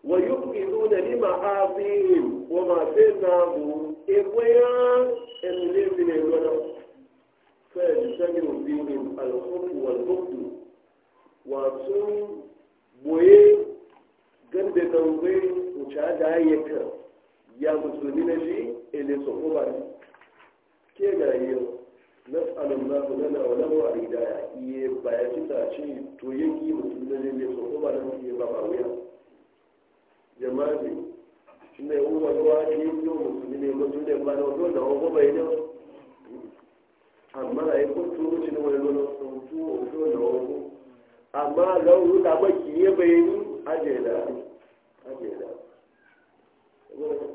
wa yuqidu da lima azim wa ma sai na mu e kwaya en lefi ne gona e fa yajtamiu e bihim al-khubbu wal-bughdu wa sun boye gande kan bai wuce da ayyuka ya musulmi na shi ele ne ke ga na ku lana na lahu arida iye ba ya ci ta ce to yake mutum da ne soko ba ne iye ba ba wuya jama'a shi ne uwa ruwa ne ne mutum na wato da bai ne amma a yi kuntu mutum ne wani lona sautu wato da amma lauru da maki ya bayani ajiyar da ajiyar da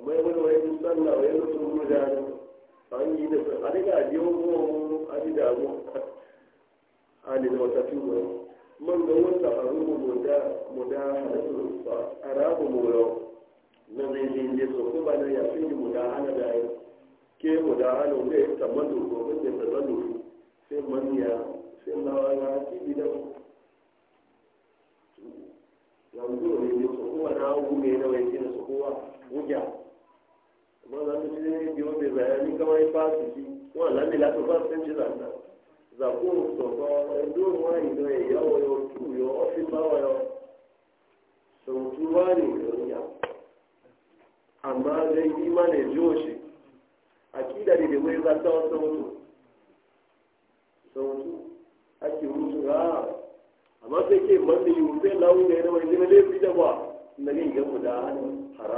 amma yi wani wani sallah wa yana sun guda an yi da a daga ajiyar mu a ji da mu a da wata tuba man ga wata a mu da mu da halittu ba a rabu mu yau na zai zai na ya fi mu da hana da yi ke mu da hana wanda ya tabbata ko mun da tabbata sai manya sai ya ci gidan yanzu ne ne su na hagu ne na wọn lọ ní ibi ó bèbè ẹ ní káwọn ipá àtúntì wọn lọ sí láti bá sẹńtì lànà zàkó sọ̀tọ̀ ẹ̀dọ́ wọn ìlọ ìyàwó yọ tù yọ ọfíì báwọ yọ sọtú wá ní ìròyìn àmọ́ lè yí má lè jó òṣè àkídà dèdè wọ ibà tó sọtú sọtú ake mutu ga amma sai ke mafi yi wuce lawun da ya zama jini laifin da ba na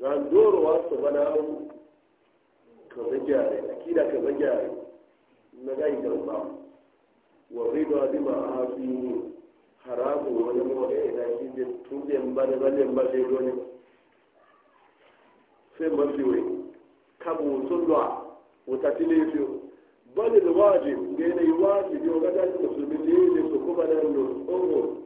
randorowa su bana hau ka zagyare akida ka zagyare na gayi garba wa rido a hafi haramu wani mawa ya yi shi da tunden ba da zanen ba sai dole sai mafi wai kabu sun da wata tilefiyo bani da wajib ga yanayi wajibi wa gada su musulmi ne su kuma nan da tsoro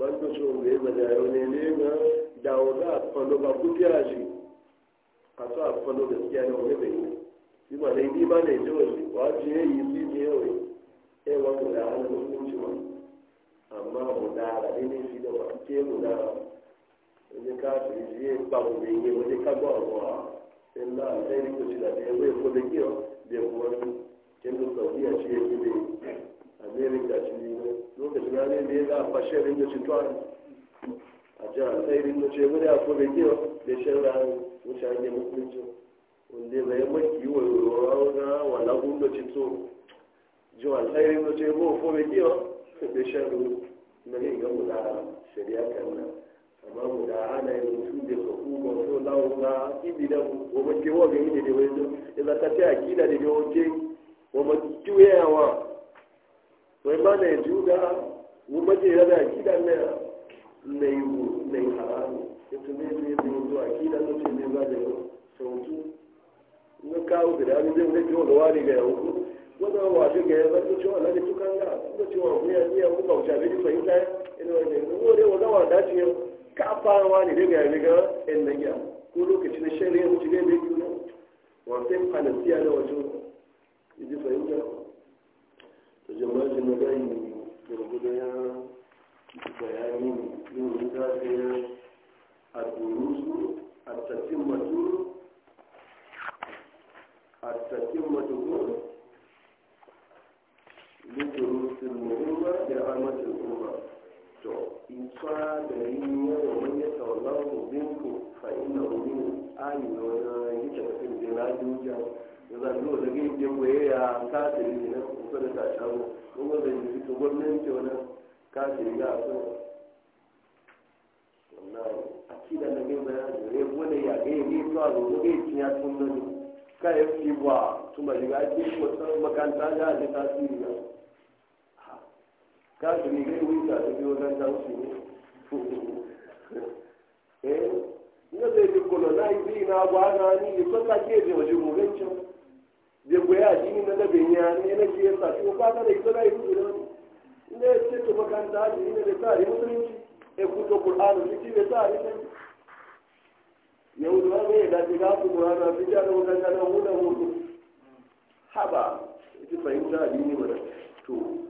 bando tsohon ga yi ne ne a fano ba ku fiya shi a so a fano gaskiya na wani bai yi ma na yi ma yi wani wa ji yi su ji yawai wa mu da hana musulunci ma amma mu da ne ne shi da wa ke mu da wani kafin shi ya mu bai yi wani kagwa a ruwa sai na a sai rikoci da ya wai ko da de da ya kuma kin da sauki a america ci lokacin ya ne ne za a fashe ringa ci tuwa a ji a sai ringa ce wani a ko bai kewa da shan ranar wuce an yi musulunci wanda zai maki wa yorowa wala gundo ci to ji wa sai ringa ce ko ko bai kewa da shan ranar na ne ga mu da shari'a kan amma mu da ana yi mutu da su kuma so lawo na ibi da gobe kewa ga yi ne da wani ya zata ce akida da yawancin wa mutu yawa wai ba na ju ga mu maje ya da akida ne ne yu ne haramu yato ne ne ne to akida no ce ne ba da yau sautu na kawo da dali zai ne jo da wani ga yau wanda wa shi ga yau zai cewa lalai su kan ga ko cewa ku ya iya ku bauta bi fahimta ina wani ne ko dai wanda wa dace yau ka fara wani daga riga in na giya ko lokacin shari'a mu ne ga ne ku ne wa sai kana tiya da wajen idi fahimta da jama'in na gani gurgudu ya bayani yin ta ya a durusu a tattun matu a tattun matu ko lidurusun muhimma da amatin kuma to isa da yi yawa wani taunar minku fa'ina umin ayi na wani yi tattun da rajin zango da gin je waye ya kafiri ne na kusa da ta shago kuma da yi to gwamnati wani so ya ga yi a zo ga yi tun ka yi fi wata makanta tasiri ga yi ta ne ne na yi na gwa da ya jini na dabin ya ne na ke yasa shi ba ta da nde e ibu da ne ya ce to makaranta a jini na da tsari musulunci ya kuto ƙur'anu su ci da tsari ne yau da ne da shiga ku a fitar da na hudu haba fahimta a jini to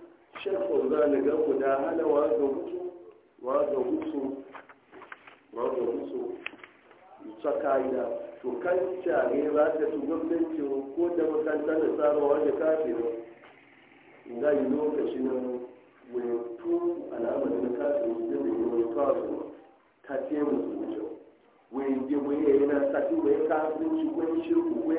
ga ku da hana wa ga mutu to kan share za ta ci gwamnati ko da makanta da tsarawa da kafirin ga yi lokaci na wato alamar na kafirin da mai yawon kafirin ta ce musu wuce wai je yana sati wai kafirin shi wai shirku na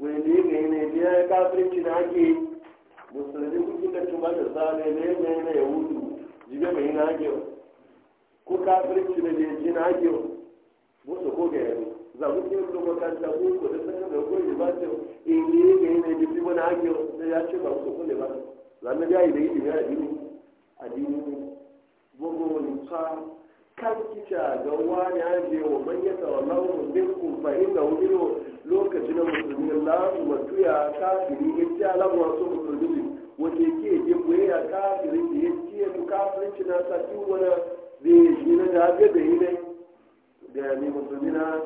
wanda ya ga yana biya ya kafirci na ake musulmi kuke da tuba da zane ne ne ne ya yahudu jibe mai na ake ko kafirci da jeji na ake musu ko ga yaro za mu ke da makanta ko ko da sanar da ko ba ta in eh, ne ga yana da tuba na ake da ya ce ba su ko ne ba zan da yi da yi da yi addini addini gogo ne ka kisa ga wani aje wa manyan tsawon bin fahim da wujiro lokaci na musulmi na matu ya kafiri ya ci alamwa wasu musulmi wace ke je kuwa ya kafiri da ya ci ya kafirci na sati wani da ya shi na da haka da yi ne da ne musulmi na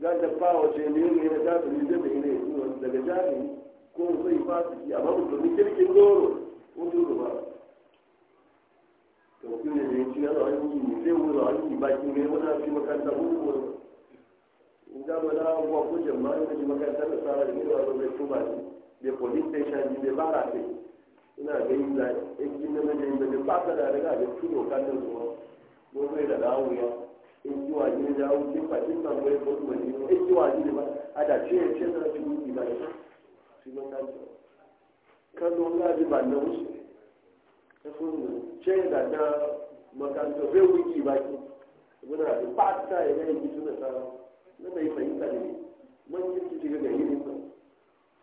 ganta fa wace ne ne na kafiri da da yi ne daga jami ko zai fasiki amma musulmi kirkin doro wato ba to ku ne ne ci yana wani yi zai wuri wani yi baki ne wani fi makaranta wuri wuri in ga ba na wa ko jama'a ne makaranta da tsara ne wa ba bai tuba ne bai police station ne bai bara ne ina ga yi da ekin na ne da ba ta da daga da tuno kan da zuwa mun bai da dawo ya èyí wà ní ilé àwọn tí pàdé ìgbàgbọ́ ẹ̀kọ́ tó ba ní èyí wà ní ìlú ba ẹ̀ tí ẹ̀ náà ti wú ìgbà yẹn ṣùgbọ́n ká jọ kánú ńlá àdìbà náà ó efundu cin da na makaranta bai wiki baki muna da fata ya gani gizo na tsara na bai fahimta ne man yi su shiga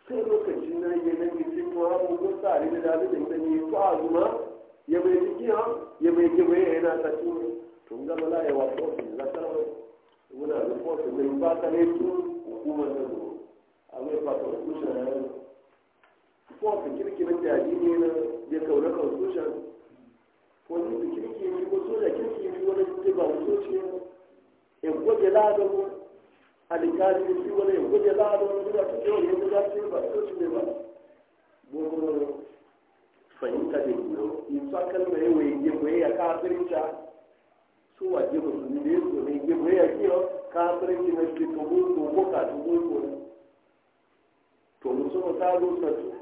sai lokacin na yi na gizo ko hamu ko tsari da dami da ita ne ko azuma ya bai jiki ha ya bai kewaye yana ta tura tun gama la yawa fosin na tsara muna da fosin mai fata ne tun hukumar da zuwa a mai fata da ko su kirkirin jaji ne na ya kaura kan sojan ko ni su kirki ne ko soja kirki ne wani su ba wani soci ne in gwaje ladan mu alikali ne shi wani ya gwaje ladan mu da ta yadda za su yi ba soci ne ba gobe fahimta da gudu in sa kalma ya waye ya waye ya kafirta su waje musulmi ne su ne ya waye ya kiyo kafirci na shi to ko ko ka to ko to musulmi ta zo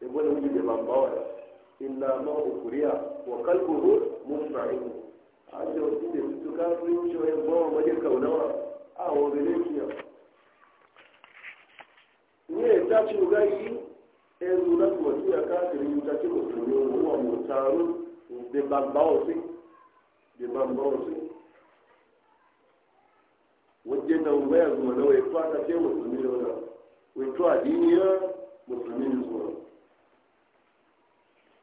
ibn wujud ban bawa illa ma ukuriya wa qalbuhu musra'in ajo tide su ka fi cewa bawa waje kaunawa a wogale kiya ne ta ci gaji ezu na kuwasiya kafiri ta ci musulmi wa mutaru da ban bawa sai da ban wajen zuwa na wai fata sai musulmi da wani wai to musulmi ne zuwa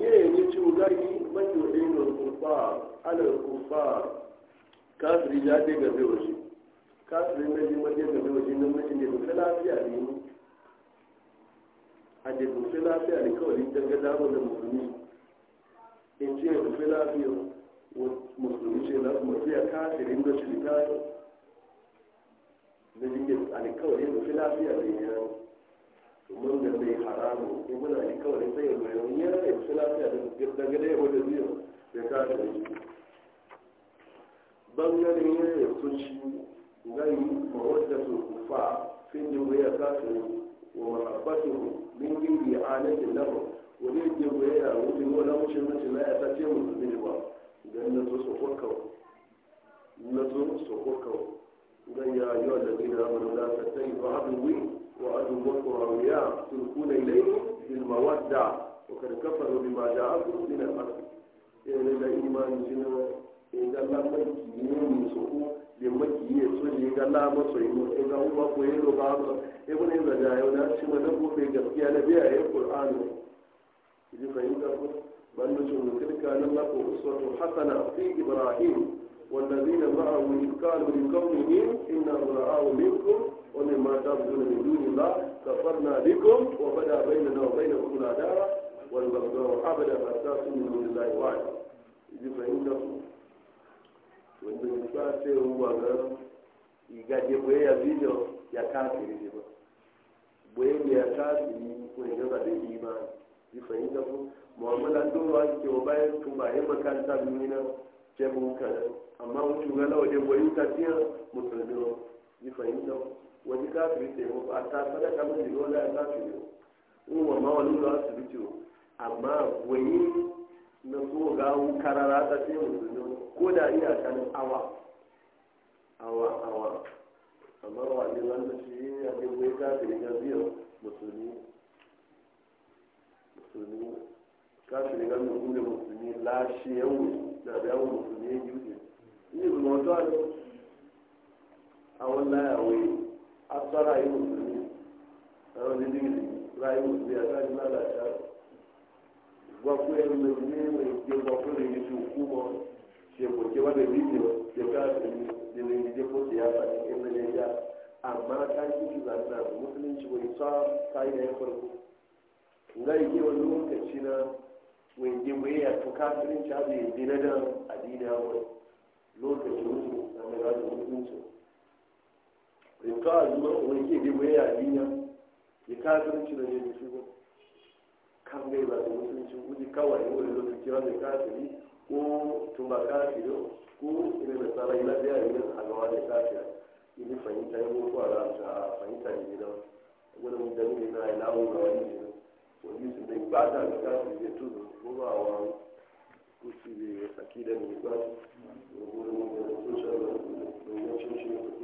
yeye ci ugayi man yu'inu al-kufar ala ya ce ga zai waje kafiri na ji waje ga zai waje nan mace ne duka lafiya ne a je duka lafiya ne kawai don ga damu da musulmi in ce duka lafiya musulmi ce na mafiya kafirin da shi da na jingin alkawari duka lafiya ne ya mun da bai haramu in muna yi kawai sai ya goyi wani yana da yake lafiya da dangane ya da zai ya kada da shi bangaren yana ya soci gani mawadda su kufa fin jimbe ya kafin wa mahabbatu min gindi a anakin lafa wani ne ya wuce wani wuce wuce na ya tace musulmi ne ba don na zo sokokau na zo sokokau don ya yi wa da gina wani lafatai ba haɗin wuri وأبو بكر أولياء تلقون إليه بالمودة وقد كفروا بما جاءكم من الأرض إن إلى إيمان جنا إن الله مكيين يسوكو لمكيين سوء إن الله مصيبه إن الله قويل وبعض إبن إبن جايونا شما نقول في جبكي على بيع القرآن إذا فهمتكم بل نجم تلك أن لكم أسوة حسنة في إبراهيم والذين معه إذ قالوا لقومهم إنا براء منكم ومما تعبدون من دون الله كفرنا بكم وبدا بيننا وبينكم العداوة والبغضاء أبدا ما تعبدون من دون الله وعلا إذ فإنكم wanda ya sa sai ruwa ga igaje boye ya video ya kafiri ne ba boye ne ya kafiri ko ya ga da imani ji fahimta ko mu'amala dole ake wa bayan tuba ya makanta duniya ce mun kada amma mun shugaba wajen boye ta tiya musulmi ji fahimta wani kafiri taimako a ta sadaka min da yola ya kafiri in wa ma wani da asibiti amma wani na so ga karara ta ce musulmi ko da iya kan awa awa awa amma wani wanda shi yi ya ke wai kafiri ga biyar musulmi musulmi kafiri ga musulmi musulmi lashe yawon da yawon musulmi ya yi ne ne ba mutuwa ne a wani layawa after rayu musulmi a wani digiri rayu musulmi a sani lalata gwakwe musulmi mai ke gwakwe da yi su kuma ke koke wani bidiyo ke kafin da ne yi jefo siyasa da ke zane ya amma ta yi su zane na musulunci wai sa ta yi na ya farko nga yi wani lokaci na wai je mai ya to kafirin ci abu ya dina da adina wani lokacin musu na mai rajin musulunci in ka azuma wani ke da mai yadinya ya kafirci da tumba kafiri ko irin da tsara ila biya ne a gaba da kafiri ini fahimta ya boko a ranta fahimta ne ne don social da